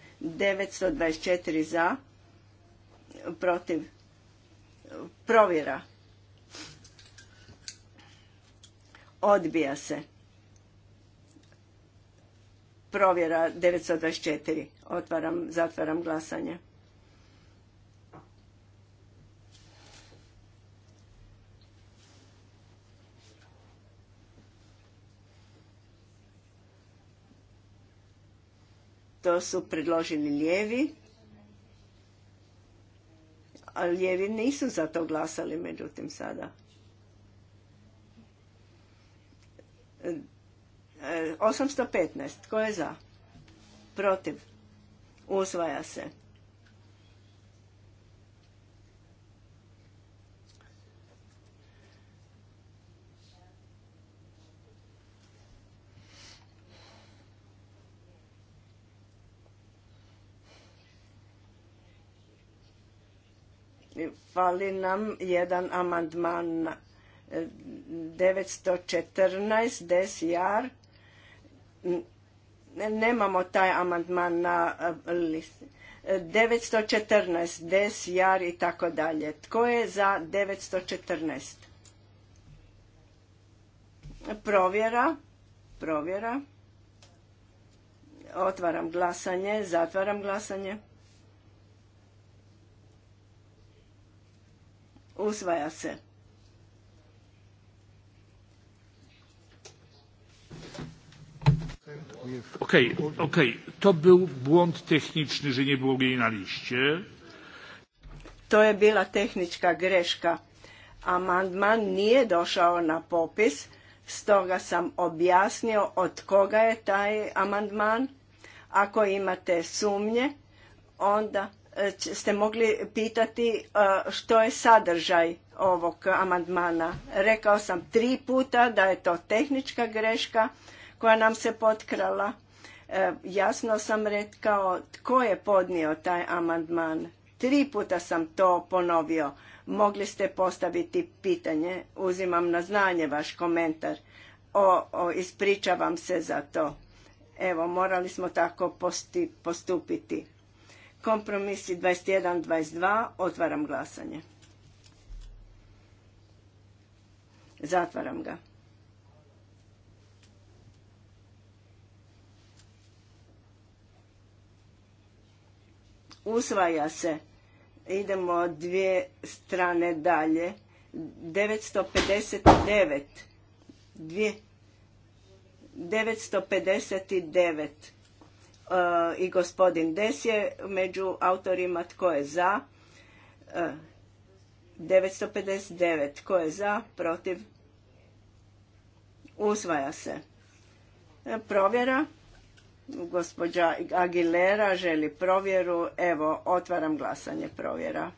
924 za, protiv, provjera. Odbija se. Provjera 924. Otvaram, zatvaram glasanje. To su predloženi lijevi. A lijevi nisu za to glasali, međutim, sada. 815. E, tko je za? Protiv. Usvaja se. Fali nam jedan amandman 914 e, jar, Nemamo taj amandman na listi. 914 jar i tako dalje. Tko je za 914? Provjera. Provjera. Otvaram glasanje, zatvaram glasanje. usvaja se. Okej, okej, to był błąd techniczny, że nie było na To je bila tehnička greška. Amandman nije došao na popis, stoga sam objasnio od koga je taj amandman. Ako imate sumnje, onda E, ste mogli pitati e, što je sadržaj ovog amandmana. Rekao sam tri puta da je to tehnička greška koja nam se potkrala. E, jasno sam rekao tko je podnio taj amandman. Tri puta sam to ponovio. Mogli ste postaviti pitanje. Uzimam na znanje vaš komentar. O, o ispričavam se za to. Evo, morali smo tako postupiti. Kompromisi 21, 22. Otvaram glasanje. Zatvaram ga. Usvaja se. Idemo dvije strane dalje. 959. Dvije. 959. E, i gospodin Des je među autorima tko je za. 959 e, tko je za, protiv, usvaja se. E, provjera. Gospođa Aguilera želi provjeru. Evo, otvaram glasanje provjera.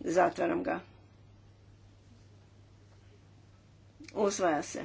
Zatvaram ga. Usvaja se.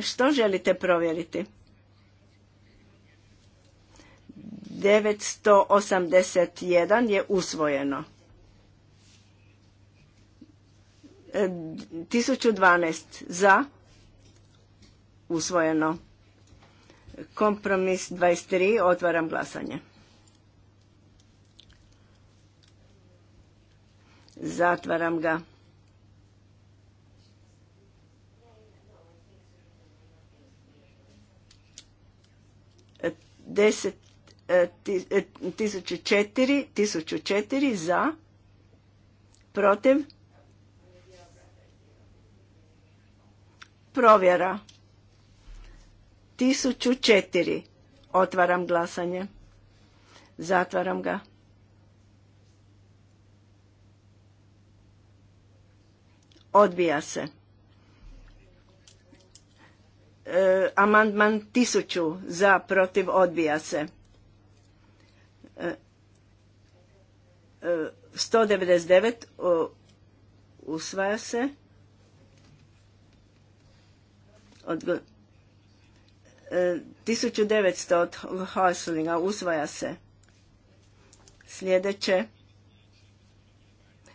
Što želite provjeriti? 981 je usvojeno. 1012 e, za usvojeno. Kompromis 23, otvaram glasanje. Zatvaram ga. 1004, 1004 e, e, za, protiv, provjera. 1004. Otvaram glasanje. Zatvaram ga. Odbija se. Eh, amandman tisuću za protiv odbija se. 199 eh, eh, usvaja se. Odgo... 1900 od Hoslinga usvaja se. Sljedeće.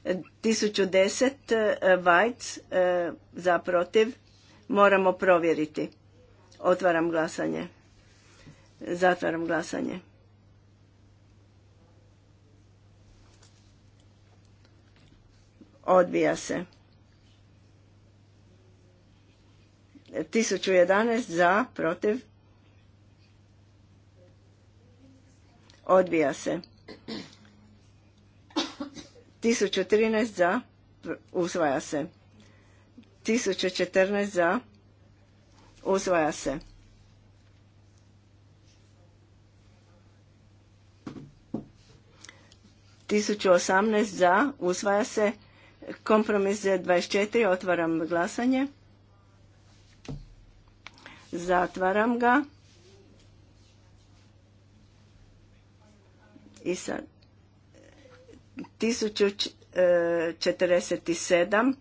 1010 Vajc za protiv moramo provjeriti. Otvaram glasanje. Zatvaram glasanje. Odbija se. 1011 za, protiv. Odbija se. 1013 za, usvaja se. 1014 za, Usvaja se. Tisuću za. Usvaja se. Kompromis 24. Otvaram glasanje. Zatvaram ga. I sad. 1047.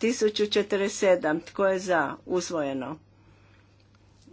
1047. Tko je za? Usvojeno.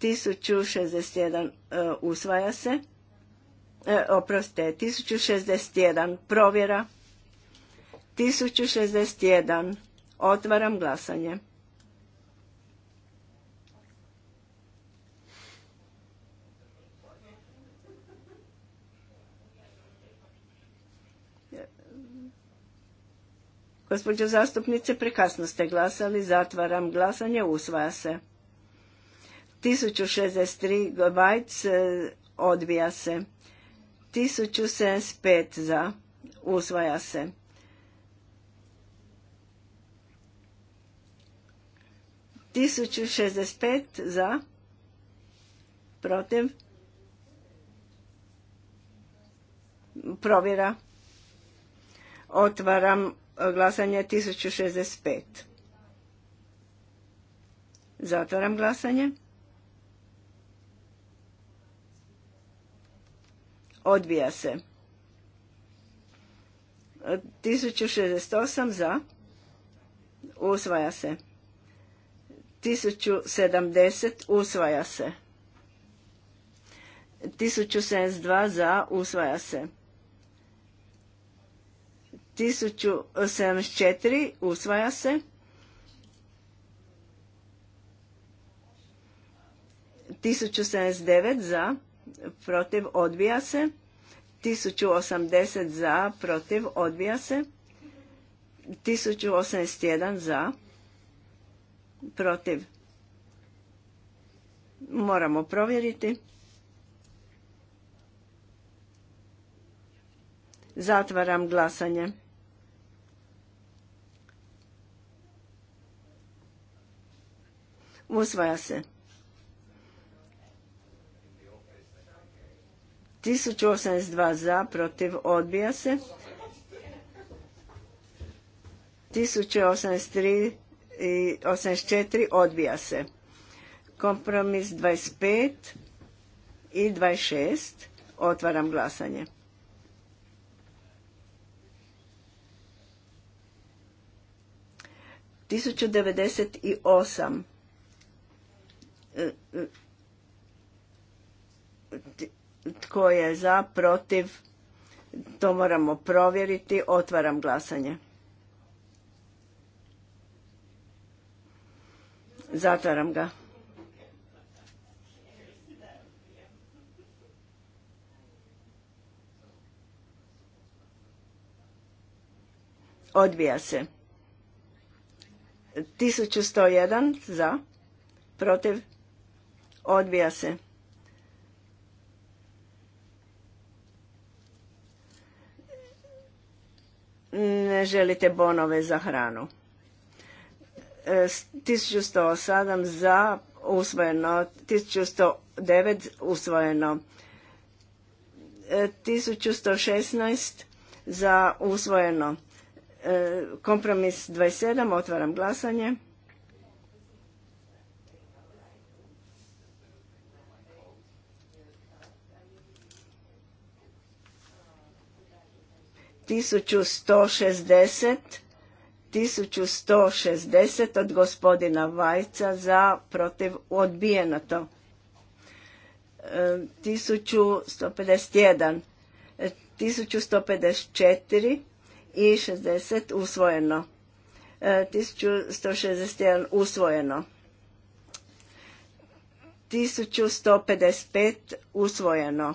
1061 e, usvaja se. Oproste, oprostite, 1061 provjera. 1061 otvaram glasanje. Gospođo zastupnice, prekasno ste glasali, zatvaram glasanje, usvaja se. 1063 gobajc e, odbija se. 1075 za usvaja se. Tisuću šezdeset pet za, protiv, provjera, otvaram glasanje tisuću šezdeset pet. Zatvaram glasanje. odbija se. 1068 za, usvaja se. 1070 usvaja se. 1072 za, usvaja se. 1074 usvaja se. 1079 za, protiv, odbija se. 1080 za, protiv, odbija se. 1081 za, protiv. Moramo provjeriti. Zatvaram glasanje. Usvaja se. 1082 za, protiv, odbija se. 1083 i 84 odbija se. Kompromis 25 i 26. Otvaram glasanje. Tisuću devedeset i osam tko je za, protiv? To moramo provjeriti. Otvaram glasanje. Zatvaram ga. Odbija se. 1101 za, protiv, odbija se. ne želite bonove za hranu. 1107 e, za usvojeno, 1109 usvojeno, 1116 e, za usvojeno, e, kompromis 27, otvaram glasanje. 1160 1160 od gospodina Vajca za protiv odbijeno to. 1151 e, 1154 e, i 60 usvojeno. 1161 e, usvojeno. 1155 usvojeno.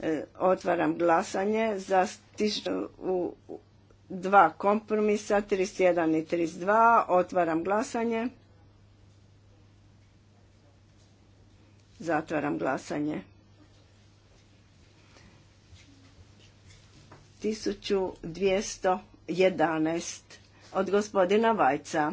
E, otvaram glasanje za u dva kompromisa, 31 i 32. Otvaram glasanje. Zatvaram glasanje. 1211 od gospodina Vajca.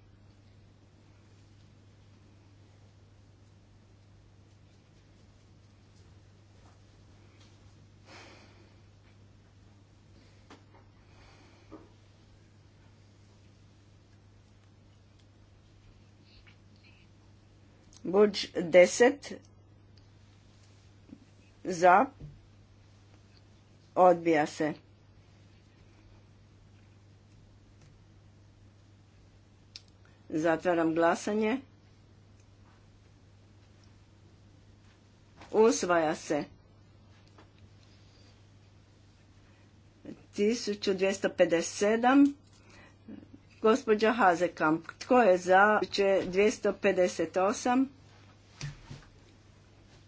Buđ 10 za odbija se. Zatvaram glasanje. Usvaja se. 1257. Gospodja Hazekamp. Tko je za? 258.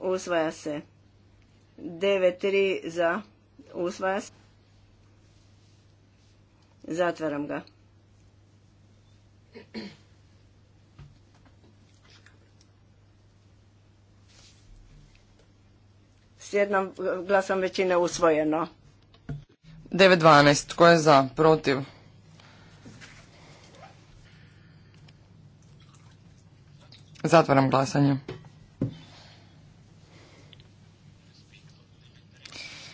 usvaja se. 9.3 za, usvaja se. Zatvaram ga. S jednom glasom većine usvojeno. 9.12. Tko je za? Protiv? Zatvaram glasanje.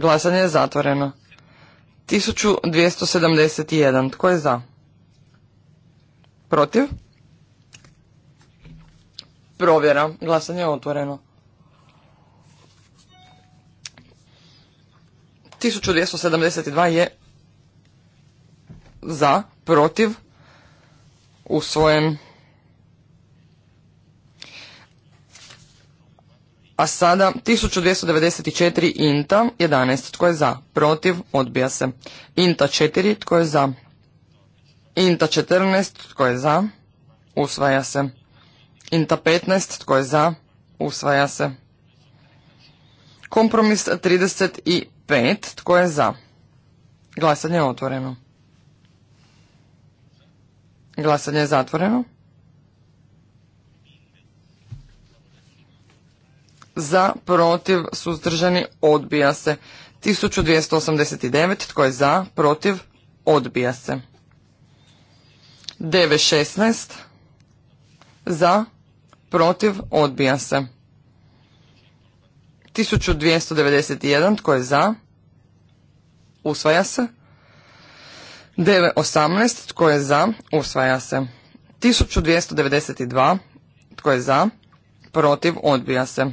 Glasanje je zatvoreno. 1271. Tko je za? Protiv? Provjera. Glasanje je otvoreno. 1272 je za, protiv, usvojen. A sada 1294 Inta 11 tko je za, protiv, odbija se. Inta 4 tko je za. Inta 14 tko je za, usvaja se. Inta 15 tko je za, usvaja se. Kompromis 35 tko je za. Glasanje je otvoreno. Glasanje je zatvoreno. za, protiv, suzdržani, odbija se. 1289, tko je za, protiv, odbija se. 916, za, protiv, odbija se. 1291, tko je za, usvaja se. 918, tko je za, usvaja se. 1292, tko je za, protiv, odbija se.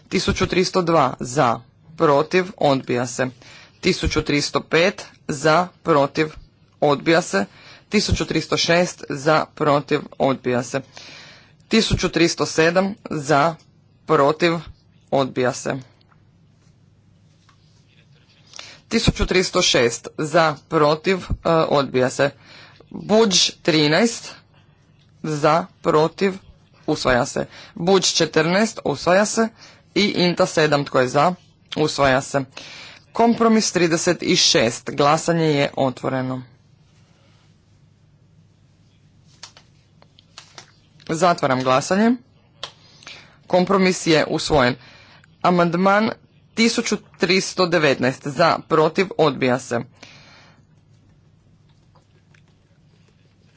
1302 za, protiv, odbija se. 1305 za, protiv, odbija se. 1306 za, protiv, odbija se. 1307 za, protiv, odbija se. 1306 za, protiv, eh, odbija se. Buđ 13 za, protiv, usvaja se. Buđ 14 usvaja se i Inta 7 tko je za, usvaja se. Kompromis 36, glasanje je otvoreno. Zatvaram glasanje. Kompromis je usvojen. Amandman 1319 za, protiv, odbija se.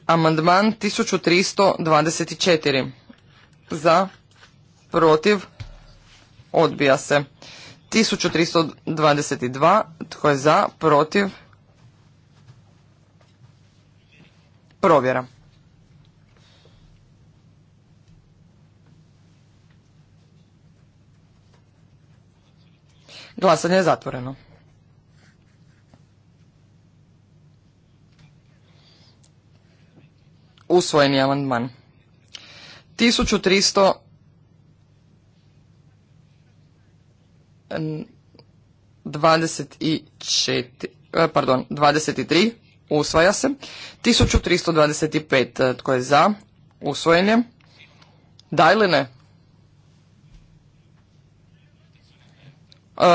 Amandman 1324 za, protiv, odbija se. 1322 tko je za, protiv, provjera. Glasanje je zatvoreno. Usvojen je amandman. 1300 24, e, pardon, 23 usvaja se. 1325 e, tko je za usvojen je. Da ili ne? E,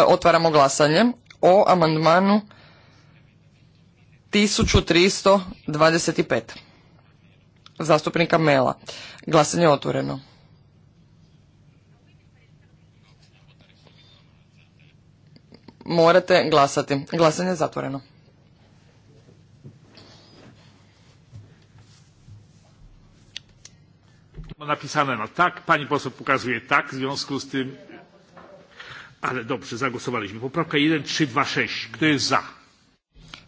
otvaramo glasanje o amandmanu 1325 zastupnika Mela. Glasanje je otvoreno. morate glasati. Glasanje je zatvoreno. napisane na tak, pani poseł pokazuje tak, w związku z tym, ale dobrze, zagłosowaliśmy. Poprawka 1, 3, 2, 6. Kto jest za?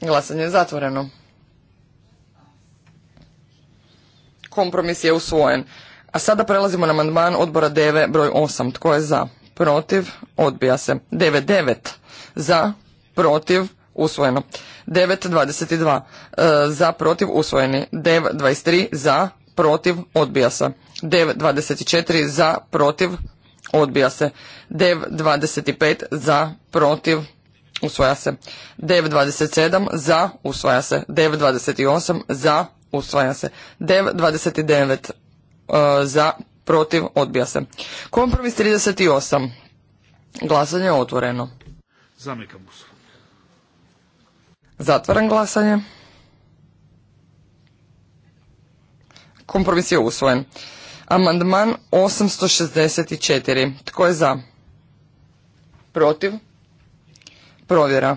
Glasanje je zatvoreno. Kompromis je usvojen. A sada prelazimo na mandman odbora 9 broj 8. Tko je za? Protiv? Odbija se. 9. Za? Protiv? Usvojeno. 9.22. 22. E, za? Protiv? Usvojeni. 23. Za? Protiv? Odbija se. 24. Za? Protiv? Odbija se. 25. Za? Protiv? usvaja se. 9.27 za, usvaja se. 9.28 za, usvaja se. 9.29 devet e, za, protiv, odbija se. Kompromis 38. Glasanje je otvoreno. Zamikam Zatvaram glasanje. Kompromis je usvojen. Amandman 864. Tko je za? Protiv? Provjera.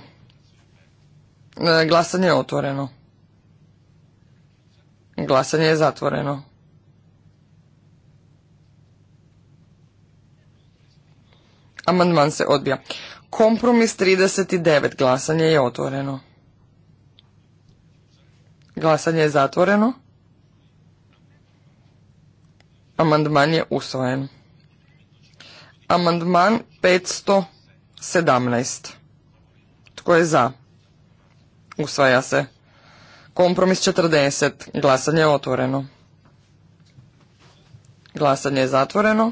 E, glasanje je otvoreno. Glasanje je zatvoreno. Amandman se odbija. Kompromis 39. Glasanje je otvoreno. Glasanje je zatvoreno. Amandman je usvojen. Amandman 517. Tko je za? Usvaja se. Kompromis 40. Glasanje je otvoreno. Glasanje je zatvoreno.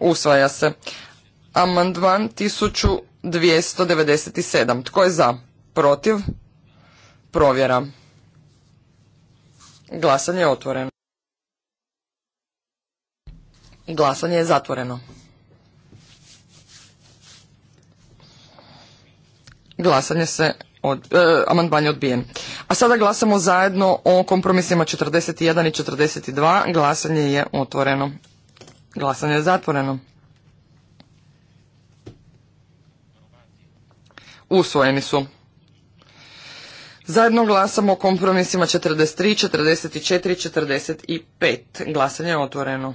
Usvaja se. Amandman 1297. Tko je za? Protiv? Provjera. Glasanje je otvoreno. Glasanje je zatvoreno. Glasanje se od, e, amandman je odbijen. A sada glasamo zajedno o kompromisima 41 i 42. Glasanje je otvoreno. Glasanje je zatvoreno. Usvojeni su. Zajedno glasamo o kompromisima 43, 44, 45. Glasanje je otvoreno.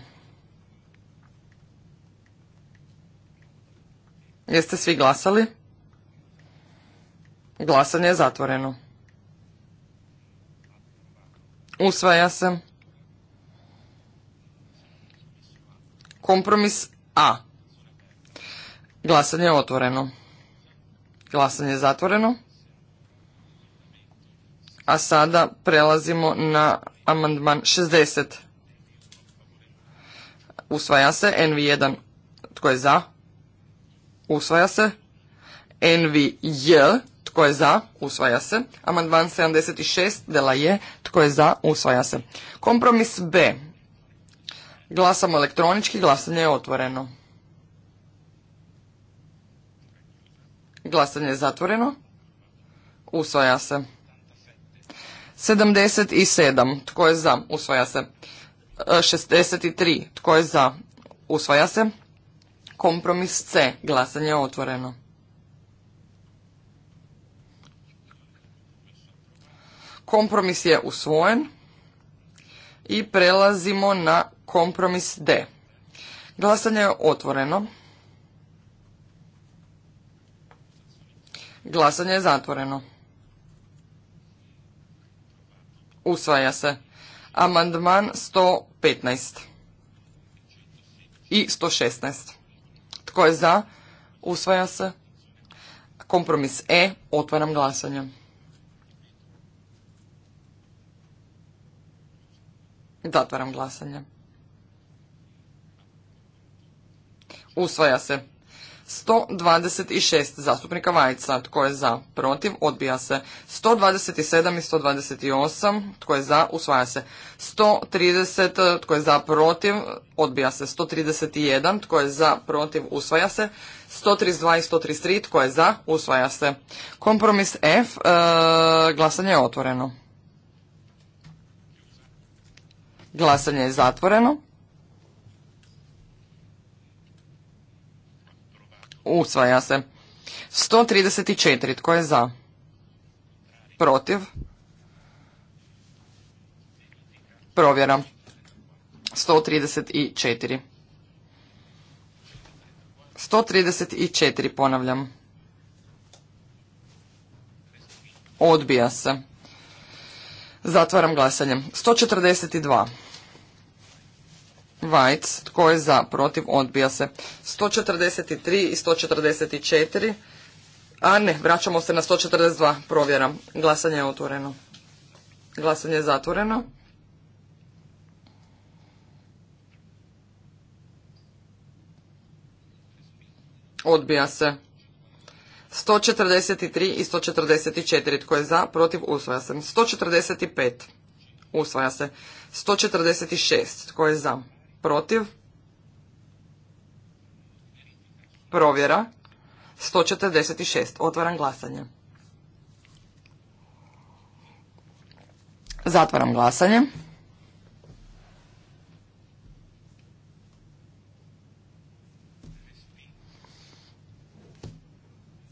Jeste svi glasali? Glasanje je zatvoreno. Usvaja se. Kompromis A. Glasanje je otvoreno. Glasanje je zatvoreno. A sada prelazimo na amandman 60. Usvaja se NV1. Tko je za? Usvaja se. NVJ. Tko je za? Usvaja se. Amandman 76. Dela je. Tko je za? Usvaja se. Kompromis B. Glasamo elektronički. Glasanje je otvoreno. Glasanje je zatvoreno. Usvaja se. 77. Tko je za? Usvaja se. 63. E, Tko je za? Usvaja se. Kompromis C. Glasanje je otvoreno. Kompromis je usvojen i prelazimo na kompromis D. Glasanje je otvoreno. Glasanje je zatvoreno. Usvaja se. Amandman 115 i 116. Tko je za? Usvaja se. Kompromis E. Otvaram glasanjem. Zatvaram glasanje. Usvaja se. 126 zastupnika Vajca. Tko je za? Protiv? Odbija se. 127 i 128. Tko je za? Usvaja se. 130. Tko je za? Protiv? Odbija se. 131. Tko je za? Protiv? Usvaja se. 132 i 133. Tko je za? Usvaja se. Kompromis F. E, glasanje je otvoreno. Glasanje je zatvoreno. Usvaja se. 134. Tko je za? Protiv? Provjera. 134. 134 ponavljam. Odbija se. Zatvaram glasanje. 142. Vajc, tko je za, protiv, odbija se. 143 i 144, a ne, vraćamo se na 142, provjeram. Glasanje je otvoreno. Glasanje je zatvoreno. Odbija se. 143 i 144. Tko je za? Protiv? Usvaja se. 145. Usvaja se. 146. Tko je za? protiv, provjera, 146, otvaram glasanje. Zatvaram glasanje.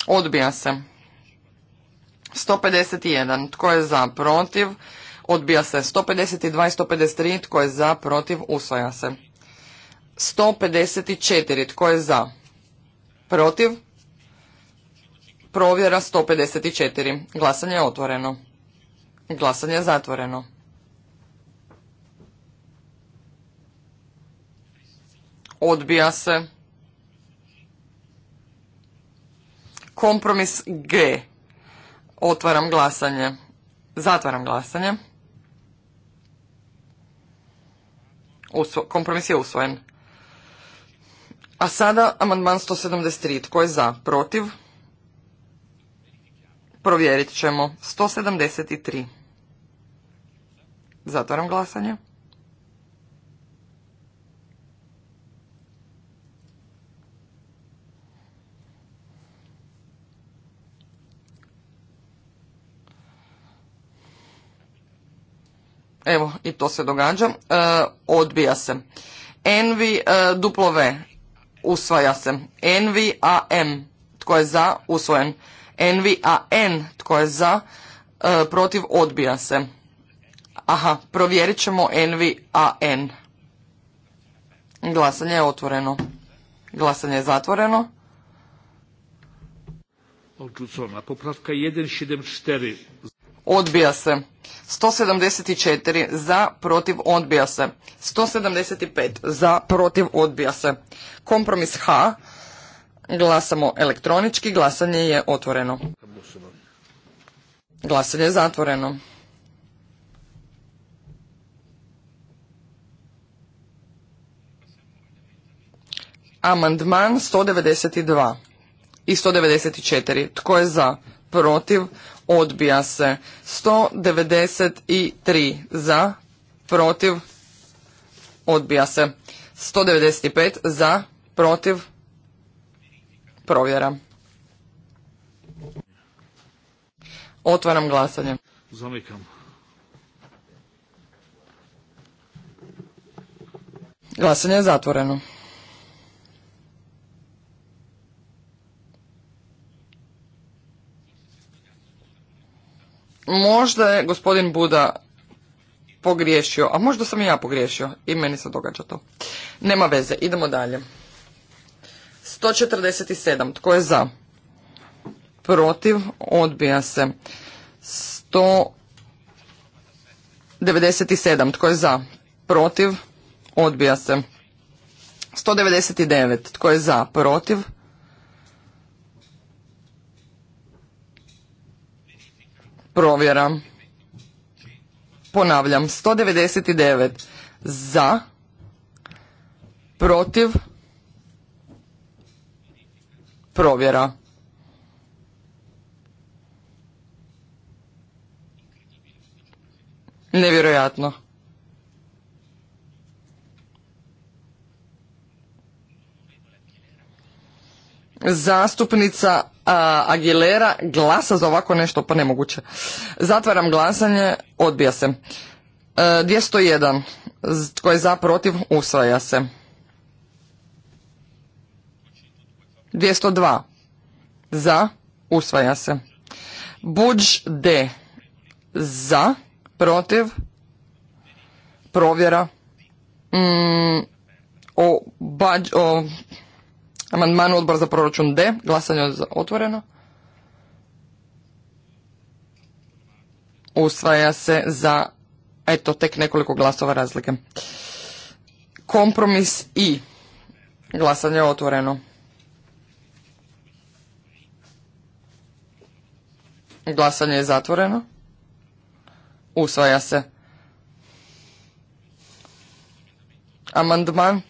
Odbija se. 151. Tko je za? Protiv. Odbija se. 152 i 153. Tko je za? Protiv. Usvaja se. 154. Tko je za? Protiv? Provjera 154. Glasanje je otvoreno. Glasanje je zatvoreno. Odbija se. Kompromis G. Otvaram glasanje. Zatvaram glasanje. Kompromis je usvojen. A sada amandman 173. Tko je za? Protiv? Provjerit ćemo. 173. Zatvaram glasanje. Evo, i to se događa. E, odbija se. Envi e, duplove usvaja se. NVAM, tko je za, usvojen. N-V-A-N, tko je za, e, protiv, odbija se. Aha, provjerit ćemo N-V-A-N. Glasanje je otvoreno. Glasanje je zatvoreno. Popravka 174. Odbija se. 174 za, protiv, odbija se. 175 za, protiv, odbija se. Kompromis H. Glasamo elektronički. Glasanje je otvoreno. Glasanje je zatvoreno. Amandman 192 i 194. Tko je za? Protiv? odbija se. 193 za, protiv, odbija se. 195 za, protiv, provjera. Otvaram glasanje. Glasanje je zatvoreno. Možda je gospodin Buda pogriješio, a možda sam i ja pogriješio i meni se događa to. Nema veze, idemo dalje. 147, tko je za? Protiv, odbija se. 197, tko je za? Protiv, odbija se. 199, tko je za? Protiv, provjera. Ponavljam, 199 za, protiv, provjera. Nevjerojatno. Zastupnica Agilera glasa za ovako nešto, pa nemoguće. Zatvaram glasanje, odbija se. 201. E, tko je za, protiv, usvaja se. 202. Za, usvaja se. Budž D. Za, protiv, provjera. Mm, o, bađ, o Amandman odbor za proračun D. Glasanje je otvoreno. Usvaja se za, eto, tek nekoliko glasova razlike. Kompromis I. Glasanje je otvoreno. Glasanje je zatvoreno. Usvaja se. Amandman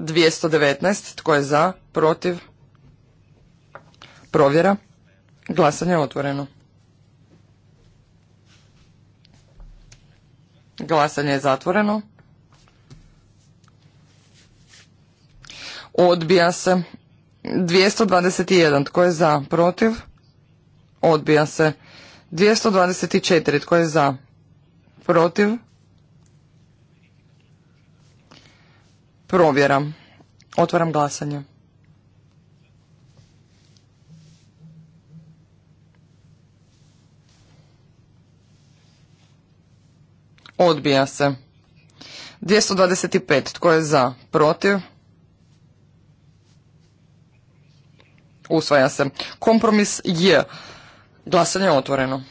219. Tko je za? Protiv? Provjera. Glasanje je otvoreno. Glasanje je zatvoreno. Odbija se. 221. Tko je za? Protiv? Odbija se. 224. Tko je za? Protiv? Provjeram. Otvaram glasanje. Odbija se. 225. Tko je za? Protiv? Usvaja se. Kompromis je. Glasanje je otvoreno.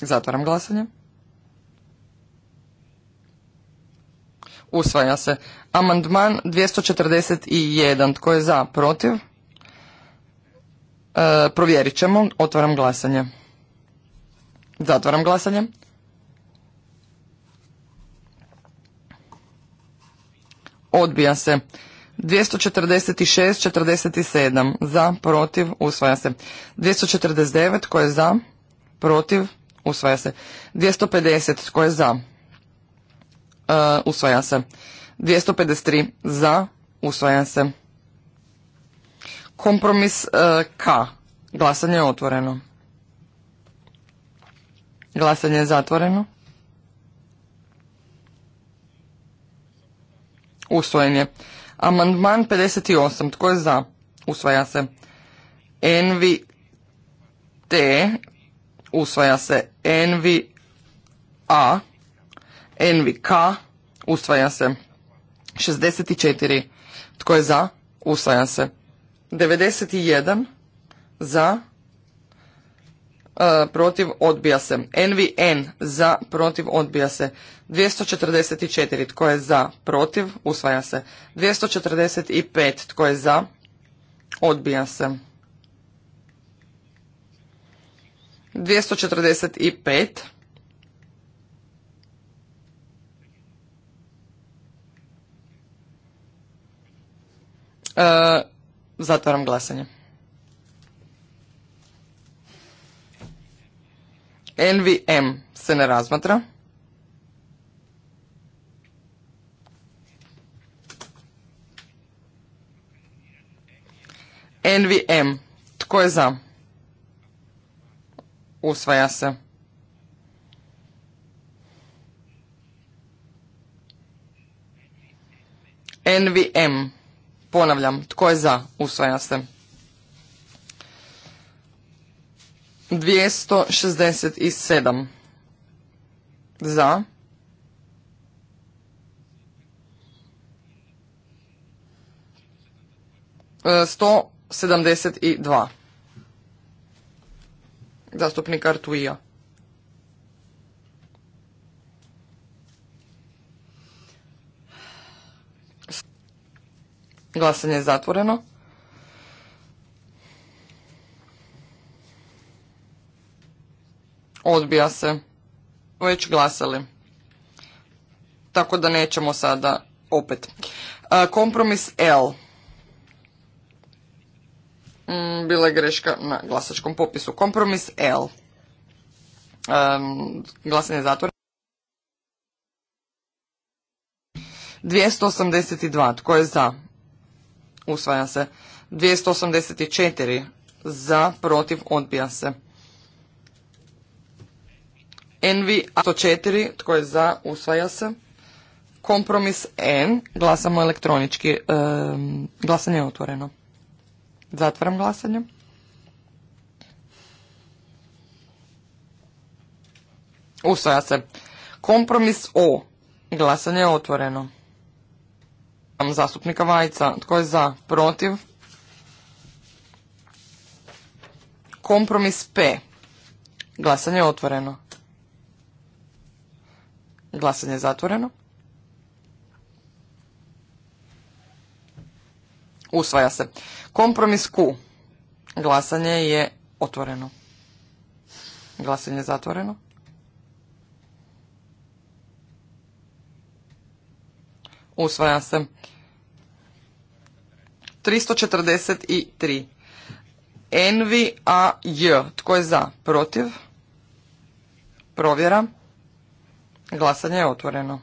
Zatvaram glasanje. Usvaja se. Amandman 241. Tko je za? Protiv? E, provjerit ćemo. Otvaram glasanje. Zatvaram glasanje. Odbija se. 246, 47. Za, protiv, usvaja se. 249. Tko je za? Protiv, usvaja se. 250. Tko je za? Uh, usvaja se. 253 za, usvaja se. Kompromis uh, K. Glasanje je otvoreno. Glasanje je zatvoreno. Usvojen je. Amandman 58. Tko je za? Usvaja se. Envi T. Usvaja se. Envi A. NVK, usvaja se. 64, tko je za, usvaja se. 91, e, za, protiv, odbija se. NVN, za, protiv, odbija se. 244, tko je za, protiv, usvaja se. 245, tko je za, odbija se. 245, E, zatvaram glasanje. NVM se ne razmatra. NVM. Tko je za? Usvaja se. NVM. Ponavljam, tko je za? Usvaja se. 267. Za. E, sto sedamdeset dva. Zastupnik Artuija. Glasanje je zatvoreno. Odbija se. Već glasali. Tako da nećemo sada opet. E, kompromis L. Mm, bila je greška na glasačkom popisu. Kompromis L. E, glasanje je zatvoreno. 282. Tko je za? Usvaja se. 284 za, protiv, odbija se. nv 104, tko je za, usvaja se. Kompromis N, glasamo elektronički. glasanje je otvoreno. Zatvaram glasanje. Usvaja se. Kompromis O, glasanje je otvoreno zastupnika Vajca. Tko je za? Protiv? Kompromis P. Glasanje je otvoreno. Glasanje je zatvoreno. Usvaja se. Kompromis Q. Glasanje je otvoreno. Glasanje je zatvoreno. Usvaja se. 343. Envi A. J. Tko je za? Protiv? Provjera. Glasanje je otvoreno.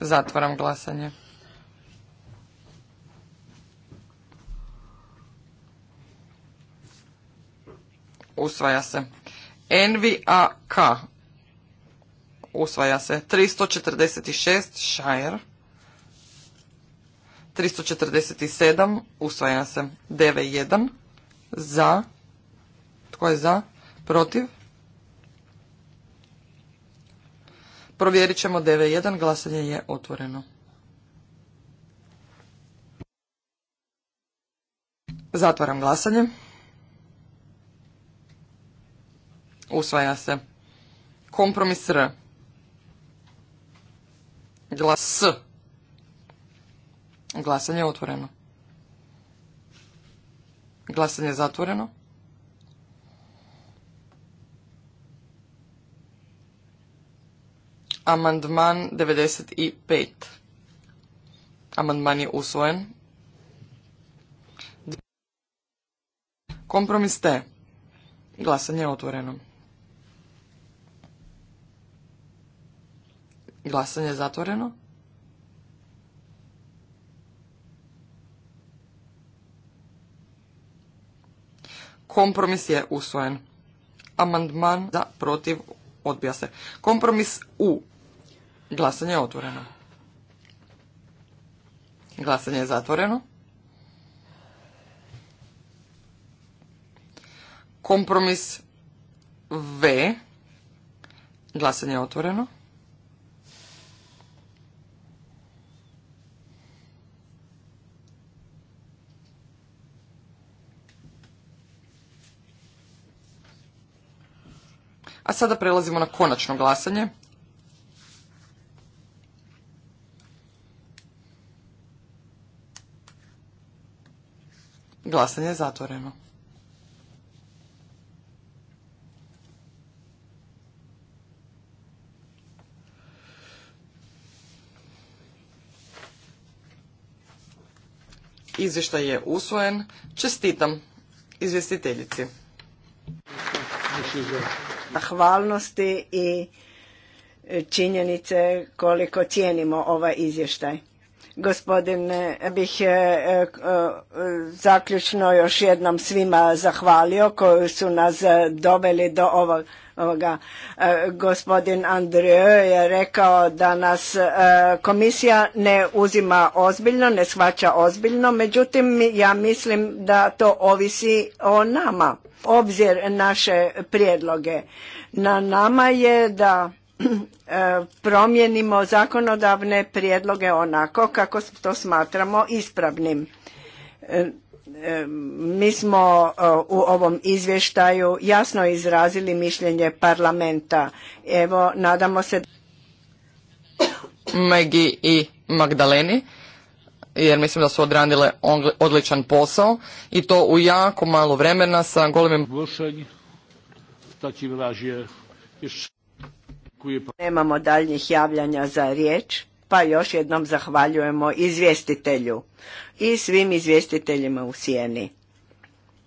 Zatvaram glasanje. Usvaja se. NVAK usvaja se. 346 Šajer. 347 usvaja se. 91 za. Tko je za? Protiv? Provjerit ćemo 91. Glasanje je otvoreno. Zatvaram glasanje. Usvaja se. Kompromis R. Glas S. Glasanje je otvoreno. Glasanje je zatvoreno. Amandman 95. Amandman je usvojen. Kompromis T. Glasanje je otvoreno. Glasanje je zatvoreno. Kompromis je usvojen. Amandman za protiv odbija se. Kompromis u. Glasanje je otvoreno. Glasanje je zatvoreno. Kompromis V. Glasanje je otvoreno. A sada prelazimo na konačno glasanje. Glasanje je zatvoreno. Izvještaj je usvojen. Čestitam izvjestiteljici zahvalnosti i činjenice koliko cijenimo ovaj izvještaj. Gospodine, bih e, e, zaključno još jednom svima zahvalio koji su nas doveli do ovoga. E, gospodin Andrije je rekao da nas komisija ne uzima ozbiljno, ne shvaća ozbiljno, međutim ja mislim da to ovisi o nama obzir naše prijedloge. Na nama je da [clears throat] e, promijenimo zakonodavne prijedloge onako kako to smatramo ispravnim. E, e, mi smo u ovom izvještaju jasno izrazili mišljenje parlamenta. Evo, nadamo se... Megi i Magdaleni jer mislim da su odradile odličan posao i to u jako malo vremena sa golemim... Pa- Nemamo daljnjih javljanja za riječ, pa još jednom zahvaljujemo izvjestitelju i svim izvjestiteljima u Sijeni.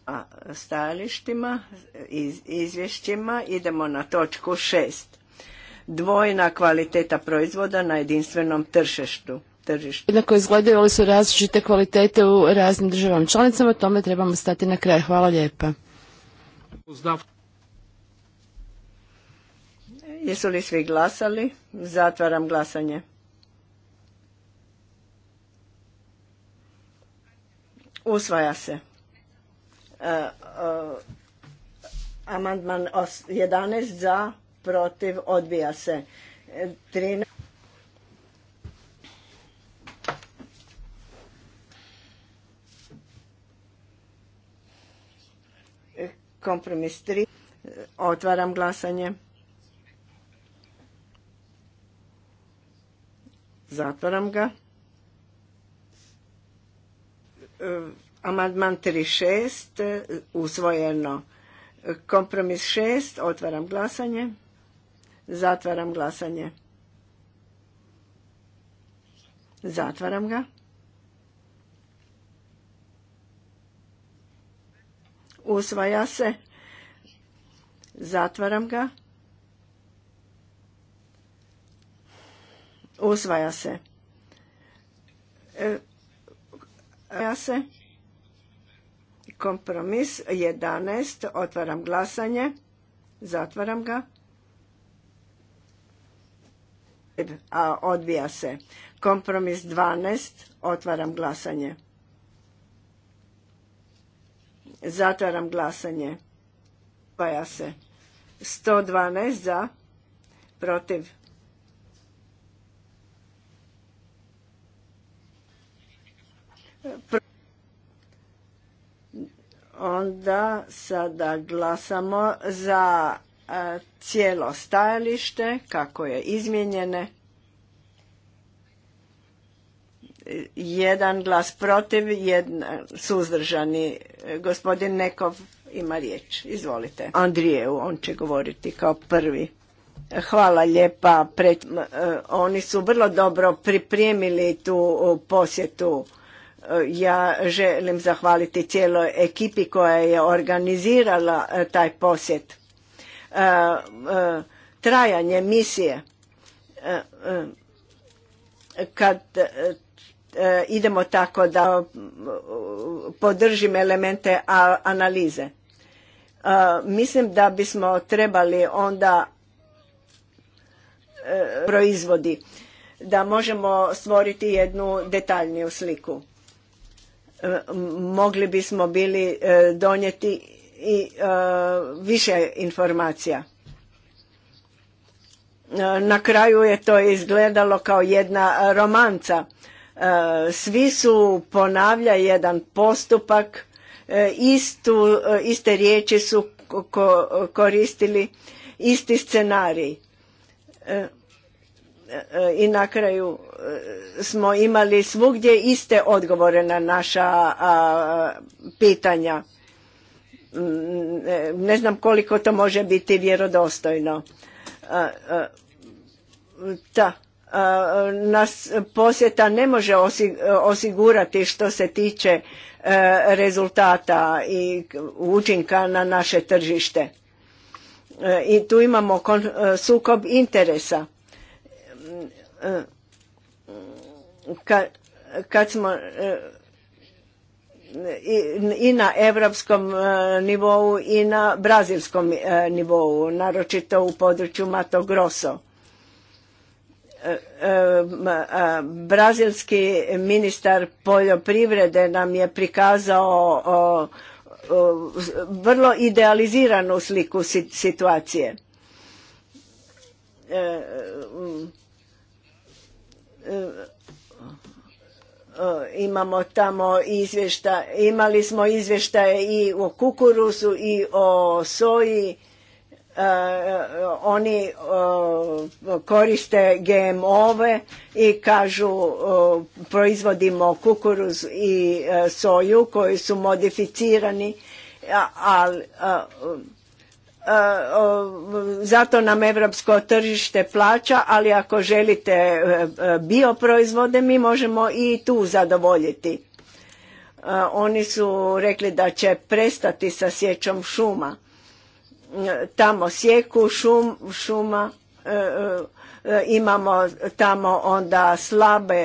A stajalištima, iz, izvješćima idemo na točku šest. Dvojna kvaliteta proizvoda na jedinstvenom tržištu tržište. Jednako izgledaju, li su različite kvalitete u raznim državama članicama, tome trebamo stati na kraj. Hvala lijepa. Jesu li svi glasali? Zatvaram glasanje. Usvaja se. E, e, amandman 11 za, protiv, odbija se. 13. E, Kompromis 3. Otvaram glasanje. Zatvaram ga. E, amandman 36 e, usvojeno. Kompromis 6. Otvaram glasanje. Zatvaram glasanje. Zatvaram ga. usvaja se, zatvaram ga, usvaja se. E, se kompromis 11, otvaram glasanje, zatvaram ga, a odvija se. Kompromis 12, otvaram glasanje. Zatvaram glasanje. Paja se. 112 za. Protiv. onda sada glasamo za e, cijelo stajalište kako je izmijenjene jedan glas protiv, jedan suzdržani. Gospodin Nekov ima riječ. Izvolite. Andrijevu, on će govoriti kao prvi. Hvala lijepa. Eh, oni su vrlo dobro pripremili tu eh, posjetu. Eh, ja želim zahvaliti cijeloj ekipi koja je organizirala taj posjet. Trajanje misije kad E, idemo tako da e, podržim elemente analize. E, mislim da bismo trebali onda proizvodi da možemo stvoriti jednu detaljniju sliku. Mogli bismo bili donijeti i više informacija. Na kraju je to izgledalo kao jedna romanca E, svi su ponavlja jedan postupak, e, e, iste riječi su koristili, isti scenarij. I na kraju smo imali svugdje iste odgovore na naša pitanja mm, ne znam koliko to može biti vjerodostojno. Da, nas posjeta ne može osigurati što se tiče e, rezultata i učinka na naše tržište. E, I tu imamo e, sukob interesa. Kad smo i na europskom nivou i na brazilskom nivou, naročito u području Mato Grosso Um, brazilski ministar poljoprivrede nam je prikazao vrlo idealiziranu sliku situacije. E, um, e, imamo tamo izvještaj, imali smo izvještaje i o kukuruzu i o soji E, oni e, koriste gmo ve i kažu e, proizvodimo kukuruz i soju koji su modificirani, ali zato nam europsko tržište plaća, ali ako želite bioproizvode mi možemo i tu zadovoljiti. Oni su rekli da će prestati sa sjećom šuma tamo sjeku šum, šuma, e, e, e, imamo tamo onda slabe,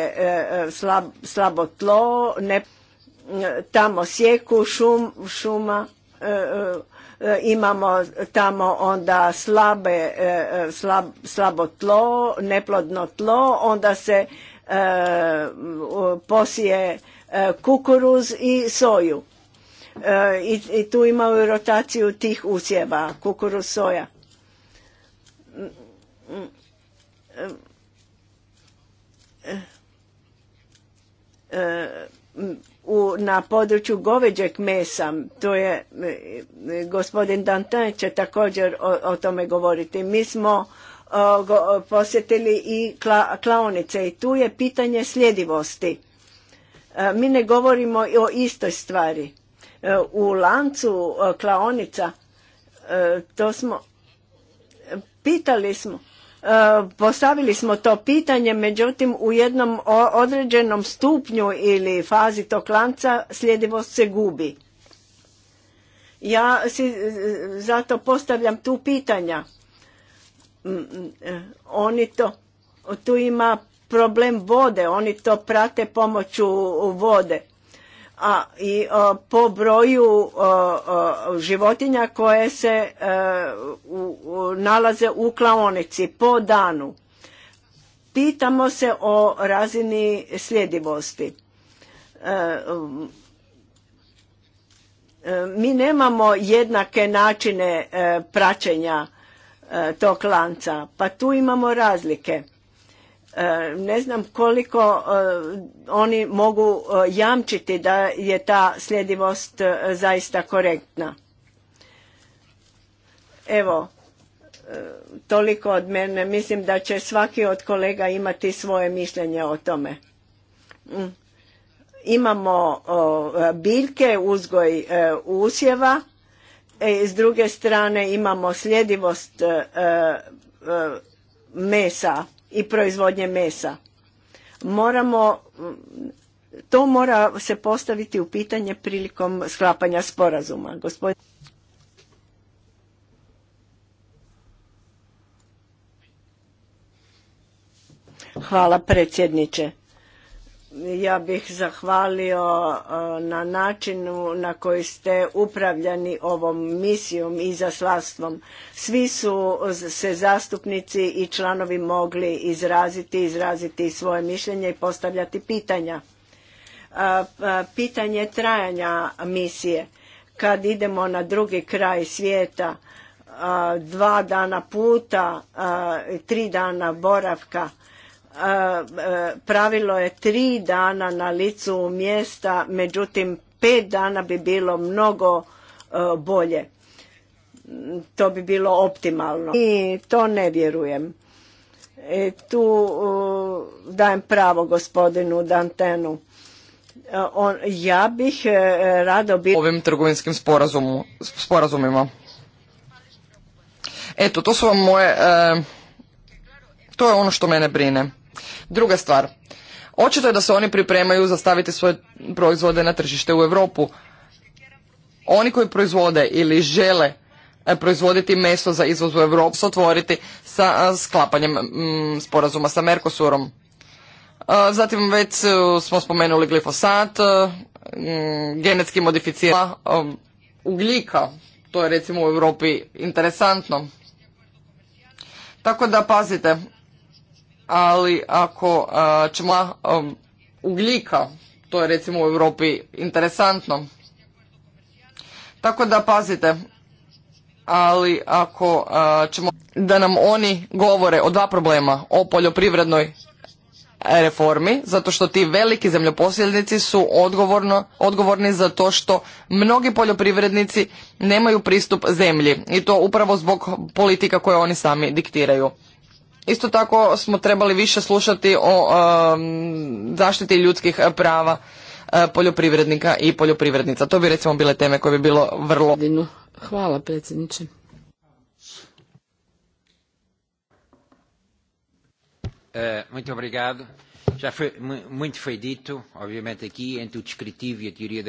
slabo tlo, ne, tamo sjeku šum, šuma, imamo tamo onda slabe, slabo tlo, neplodno tlo, onda se posije kukuruz i soju. E, i, i tu imaju rotaciju tih usjeva, kukuruz, soja. E, u, na području goveđeg mesa, to je e, gospodin Dantan će također o, tome govoriti. Mi smo posjetili i kla, klaonice i tu je pitanje sljedivosti. Mi ne govorimo o istoj stvari. E, u lancu e, klaonica, e, to smo, pitali smo, postavili smo to pitanje, međutim u jednom određenom stupnju ili fazi tog lanca sljedivost se gubi. Ja si zato postavljam tu pitanja. Mm, mm, oni to, tu ima problem vode, oni to prate pomoću vode a i e, po broju e, e, životinja koje se u, nalaze u klaonici po danu. Pitamo se o razini sljedivosti. Mi nemamo jednake načine praćenja tog lanca, pa tu imamo razlike E, ne znam koliko e, oni mogu e, jamčiti da je ta sljedivost zaista korektna. Evo, toliko od mene. Mislim da će svaki od kolega imati svoje mišljenje o tome. Mm. Imamo biljke, uzgoj usjeva. S druge strane imamo sljedivost mesa i proizvodnje mesa. Moramo, mm, to mora se postaviti u pitanje prilikom sklapanja sporazuma. Gospodin Hvala predsjedniče ja bih zahvalio e, na načinu na koji ste upravljani ovom misijom i zaslavstvom. Svi su se zastupnici i članovi mogli izraziti, izraziti svoje mišljenje i postavljati pitanja. E, e, pitanje trajanja misije. Kad idemo na drugi kraj svijeta, dva dana puta, tri dana boravka, E, pravilo je tri dana na licu mjesta, međutim pet dana bi bilo mnogo e, bolje. To bi bilo optimalno. I to ne vjerujem. E, tu dajem pravo gospodinu Dantenu. On, ja bih rado bilo... Ovim trgovinskim sporazumima. Eto, to su vam moje... to je ono što mene brine. Druga stvar, očito je da se oni pripremaju za staviti svoje proizvode na tržište u Europu. Oni koji proizvode ili žele e, proizvoditi meso za izvoz u Europu otvoriti sa sklapanjem mm, sporazuma sa Mercosurom. E, zatim već e, smo spomenuli glifosat, mm, genetski modificirana ugljika. To je recimo u Europi interesantno. Tako da pazite, ali ako ćemo um, ugljika, to je recimo u Europi interesantno. Tako da pazite, ali ako ćemo da nam oni govore o dva problema, o poljoprivrednoj reformi, zato što ti veliki zemljoposljednici su odgovorni za to što mnogi poljoprivrednici nemaju pristup zemlji i to upravo zbog politika koje oni sami diktiraju. Isto tako smo trebali više slušati o zaštiti ljudskih prava e, poljoprivrednika i poljoprivrednica. To bi recimo bile teme koje bi bilo vrlo... Hvala predsjedniče. Uh, muito obrigado.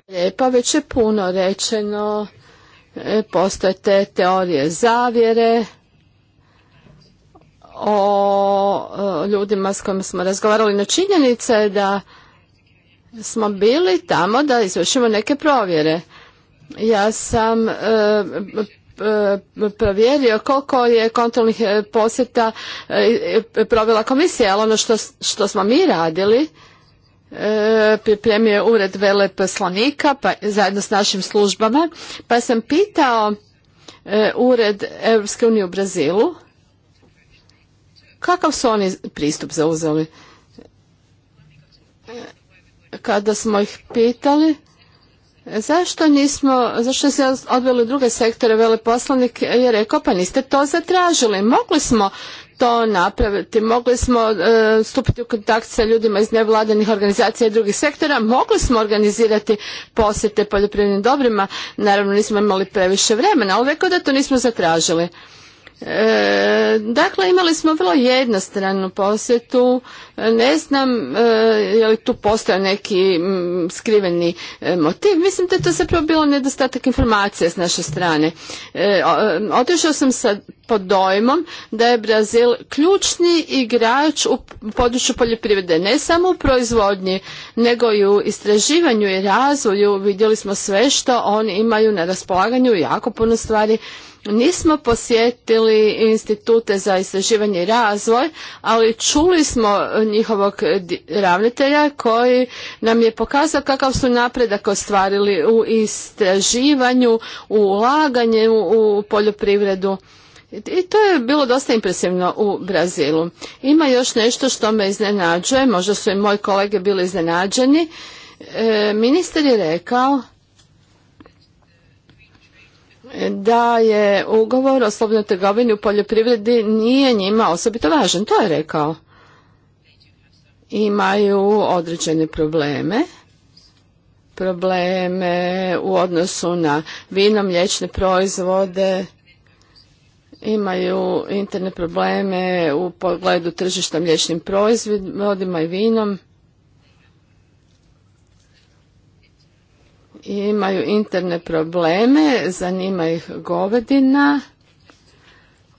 e već je puno rečeno, e, postoje te teorije zavjere, o e, ljudima s kojima smo razgovarali. No činjenica je da smo bili tamo da izvršimo neke provjere. Ja sam e, e, provjerio koliko je kontrolnih posjeta provela komisija, ali ono što, smo mi radili pripremio je ured veleposlanika pa, zajedno s našim službama, pa sam pitao ured Europske unije u Brazilu Kakav su oni pristup zauzeli? Kada smo ih pitali, zašto nismo, zašto se odveli druge sektore, veleposlanik je rekao pa niste to zatražili. Mogli smo to napraviti, mogli smo e, stupiti u kontakt sa ljudima iz nevladinih organizacija i drugih sektora, mogli smo organizirati posjete poljoprivrednim dobrima, naravno nismo imali previše vremena, ali rekao da to nismo zatražili. E, dakle, imali smo vrlo jednostranu posjetu, e, ne znam e, je li tu postojao neki skriveni motiv, mislim da je to zapravo bilo nedostatak informacija s naše strane. Otišao sam sa pod dojmom da je Brazil ključni igrač u području poljoprivrede, ne samo u proizvodnji, nego i u istraživanju i razvoju. Vidjeli smo sve što oni imaju na raspolaganju, jako puno stvari Nismo posjetili institute za istraživanje i razvoj, ali čuli smo e, njihovog ravnatelja koji nam je pokazao kakav su napredak ostvarili u istraživanju, u ulaganju u poljoprivredu. I to je bilo dosta impresivno u Brazilu. Ima još nešto što me iznenađuje, možda su i moji kolege bili iznenađeni. E, ministar je rekao da je ugovor o slobodnoj trgovini u poljoprivredi nije njima osobito važan. To je rekao. Imaju određene probleme probleme u odnosu na vino, mliječne proizvode, imaju interne probleme u pogledu tržišta mliječnim proizvodima i vinom. imaju interne probleme, zanima ih govedina.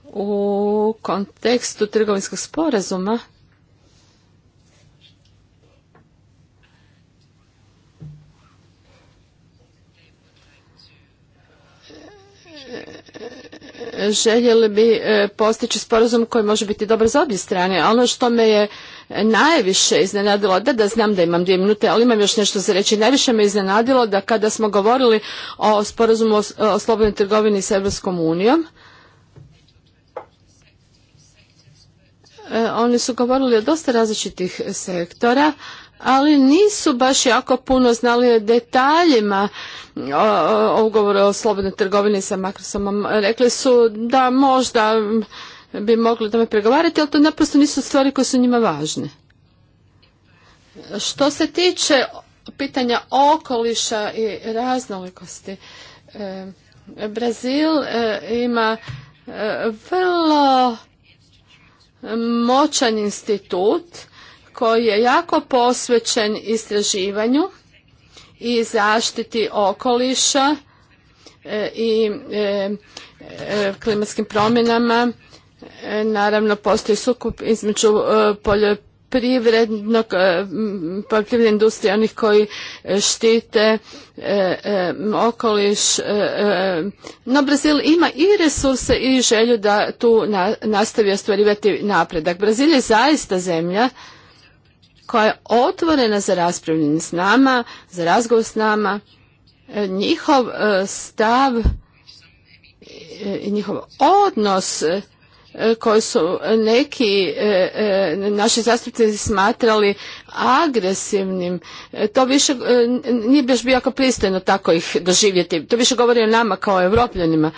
U kontekstu trgovinskog sporazuma željeli bi e, postići sporazum koji može biti dobar za obje strane. Ono što me je najviše iznenadilo, da da znam da imam dvije minute, ali imam još nešto za reći, najviše me iznenadilo da kada smo govorili o sporazumu o, slobodnoj trgovini s Evropskom unijom, e, oni su govorili o dosta različitih sektora, ali nisu baš jako puno znali o detaljima o ugovoru o slobodnoj trgovini sa Makrosomom. Rekli su da možda bi mogli tome pregovarati, ali to naprosto nisu stvari koje su njima važne. Što se tiče pitanja okoliša i raznolikosti, e, Brazil e, ima e, vrlo moćan institut koji je jako posvećen istraživanju i zaštiti okoliša i klimatskim promjenama E, naravno postoji sukup između e, poljoprivrednog e, poljoprivredne industrije onih koji štite okoliš no Brazil ima i resurse i želju da tu nastavi ostvarivati napredak Brazil je zaista zemlja koja je otvorena za raspravljanje s nama za razgovor s nama njihov stav i njihov odnos E, koje su neki e, e, naši zastupnici smatrali agresivnim, to više nije baš bio jako pristojno tako ih doživjeti. To više govori o nama kao evropljanima.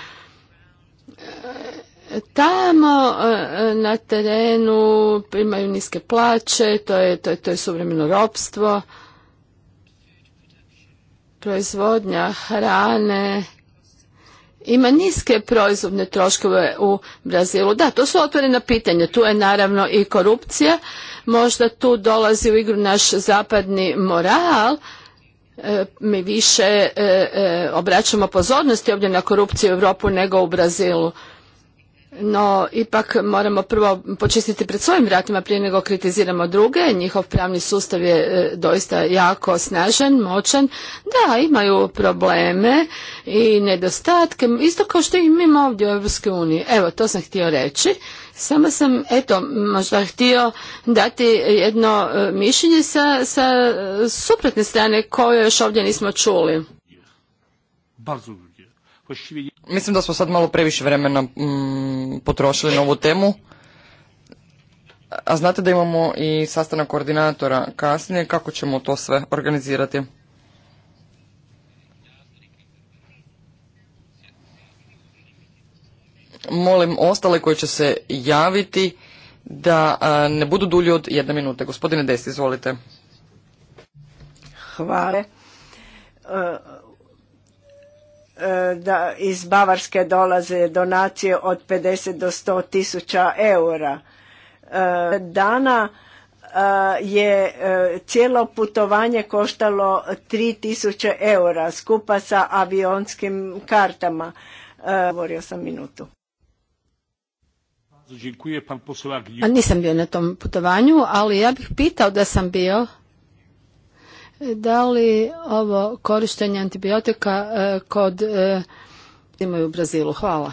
Tamo na terenu imaju niske plaće, to je, to je, to je suvremeno ropstvo, proizvodnja hrane, ima niske proizvodne troškove u Brazilu. Da, to su otvorena pitanja. Tu je naravno i korupcija. Možda tu dolazi u igru naš zapadni moral. E, mi više e, e, obraćamo pozornosti ovdje na korupciju u Europu nego u Brazilu no ipak moramo prvo počistiti pred svojim vratima prije nego kritiziramo druge. Njihov pravni sustav je e, doista jako snažan, moćan. Da, imaju probleme i nedostatke, isto kao što imamo ovdje u EU. uniji. Evo, to sam htio reći. Samo sam, eto, možda htio dati jedno e, mišljenje sa, sa e, suprotne strane koje još ovdje nismo čuli. Bardzo Mislim da smo sad malo previše vremena mm, potrošili na ovu temu. A znate da imamo i sastanak koordinatora kasnije, kako ćemo to sve organizirati? Molim ostale koji će se javiti da ne budu dulji od jedne minute. Gospodine Desi, izvolite. Hvala. E, E, da iz Bavarske dolaze donacije od 50 do sto tisuća eura. E, dana e, je cijelo putovanje koštalo 3000 eura skupa sa avionskim kartama. Govorio sam minutu. Nisam bio na tom putovanju, ali ja bih pitao da sam bio da li ovo korištenje antibiotika e, kod e, imaju u Brazilu? Hvala.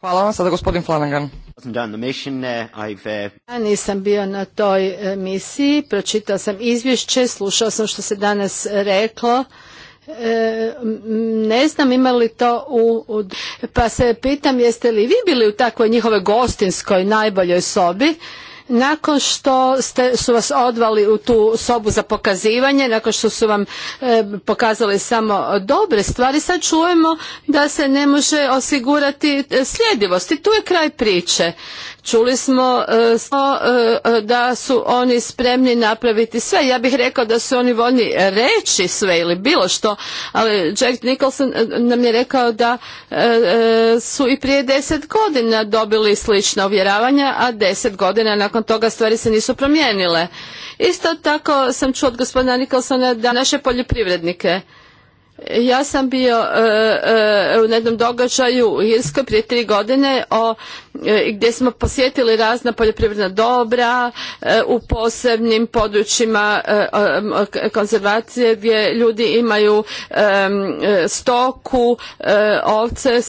Hvala vam sada gospodin Flanagan. Uh, uh, ja nisam bio na toj e, misiji, pročitao sam izvješće, slušao sam što se danas reklo. ne znam ima li to u, u, pa se pitam jeste li vi bili u takvoj njihovoj gostinskoj najboljoj sobi nakon što ste, su vas odvali u tu sobu za pokazivanje, nakon što su vam e, pokazali samo dobre stvari, sad čujemo da se ne može osigurati e, sljedivost i tu je kraj priče. Čuli smo e, e, e, da su oni spremni napraviti sve. Ja bih rekao da su oni voljni reći sve ili bilo što, ali Jack Nicholson nam je rekao da su i prije deset godina dobili slična uvjeravanja, a deset godina nakon toga stvari se nisu promijenile. Isto tako sam čuo od gospodina Nicholsona da naše poljoprivrednike ja sam bio e, e, u jednom događaju u Irskoj prije tri godine e, gdje smo posjetili razna poljoprivredna dobra u posebnim područjima konzervacije gdje ljudi imaju stoku, ovce,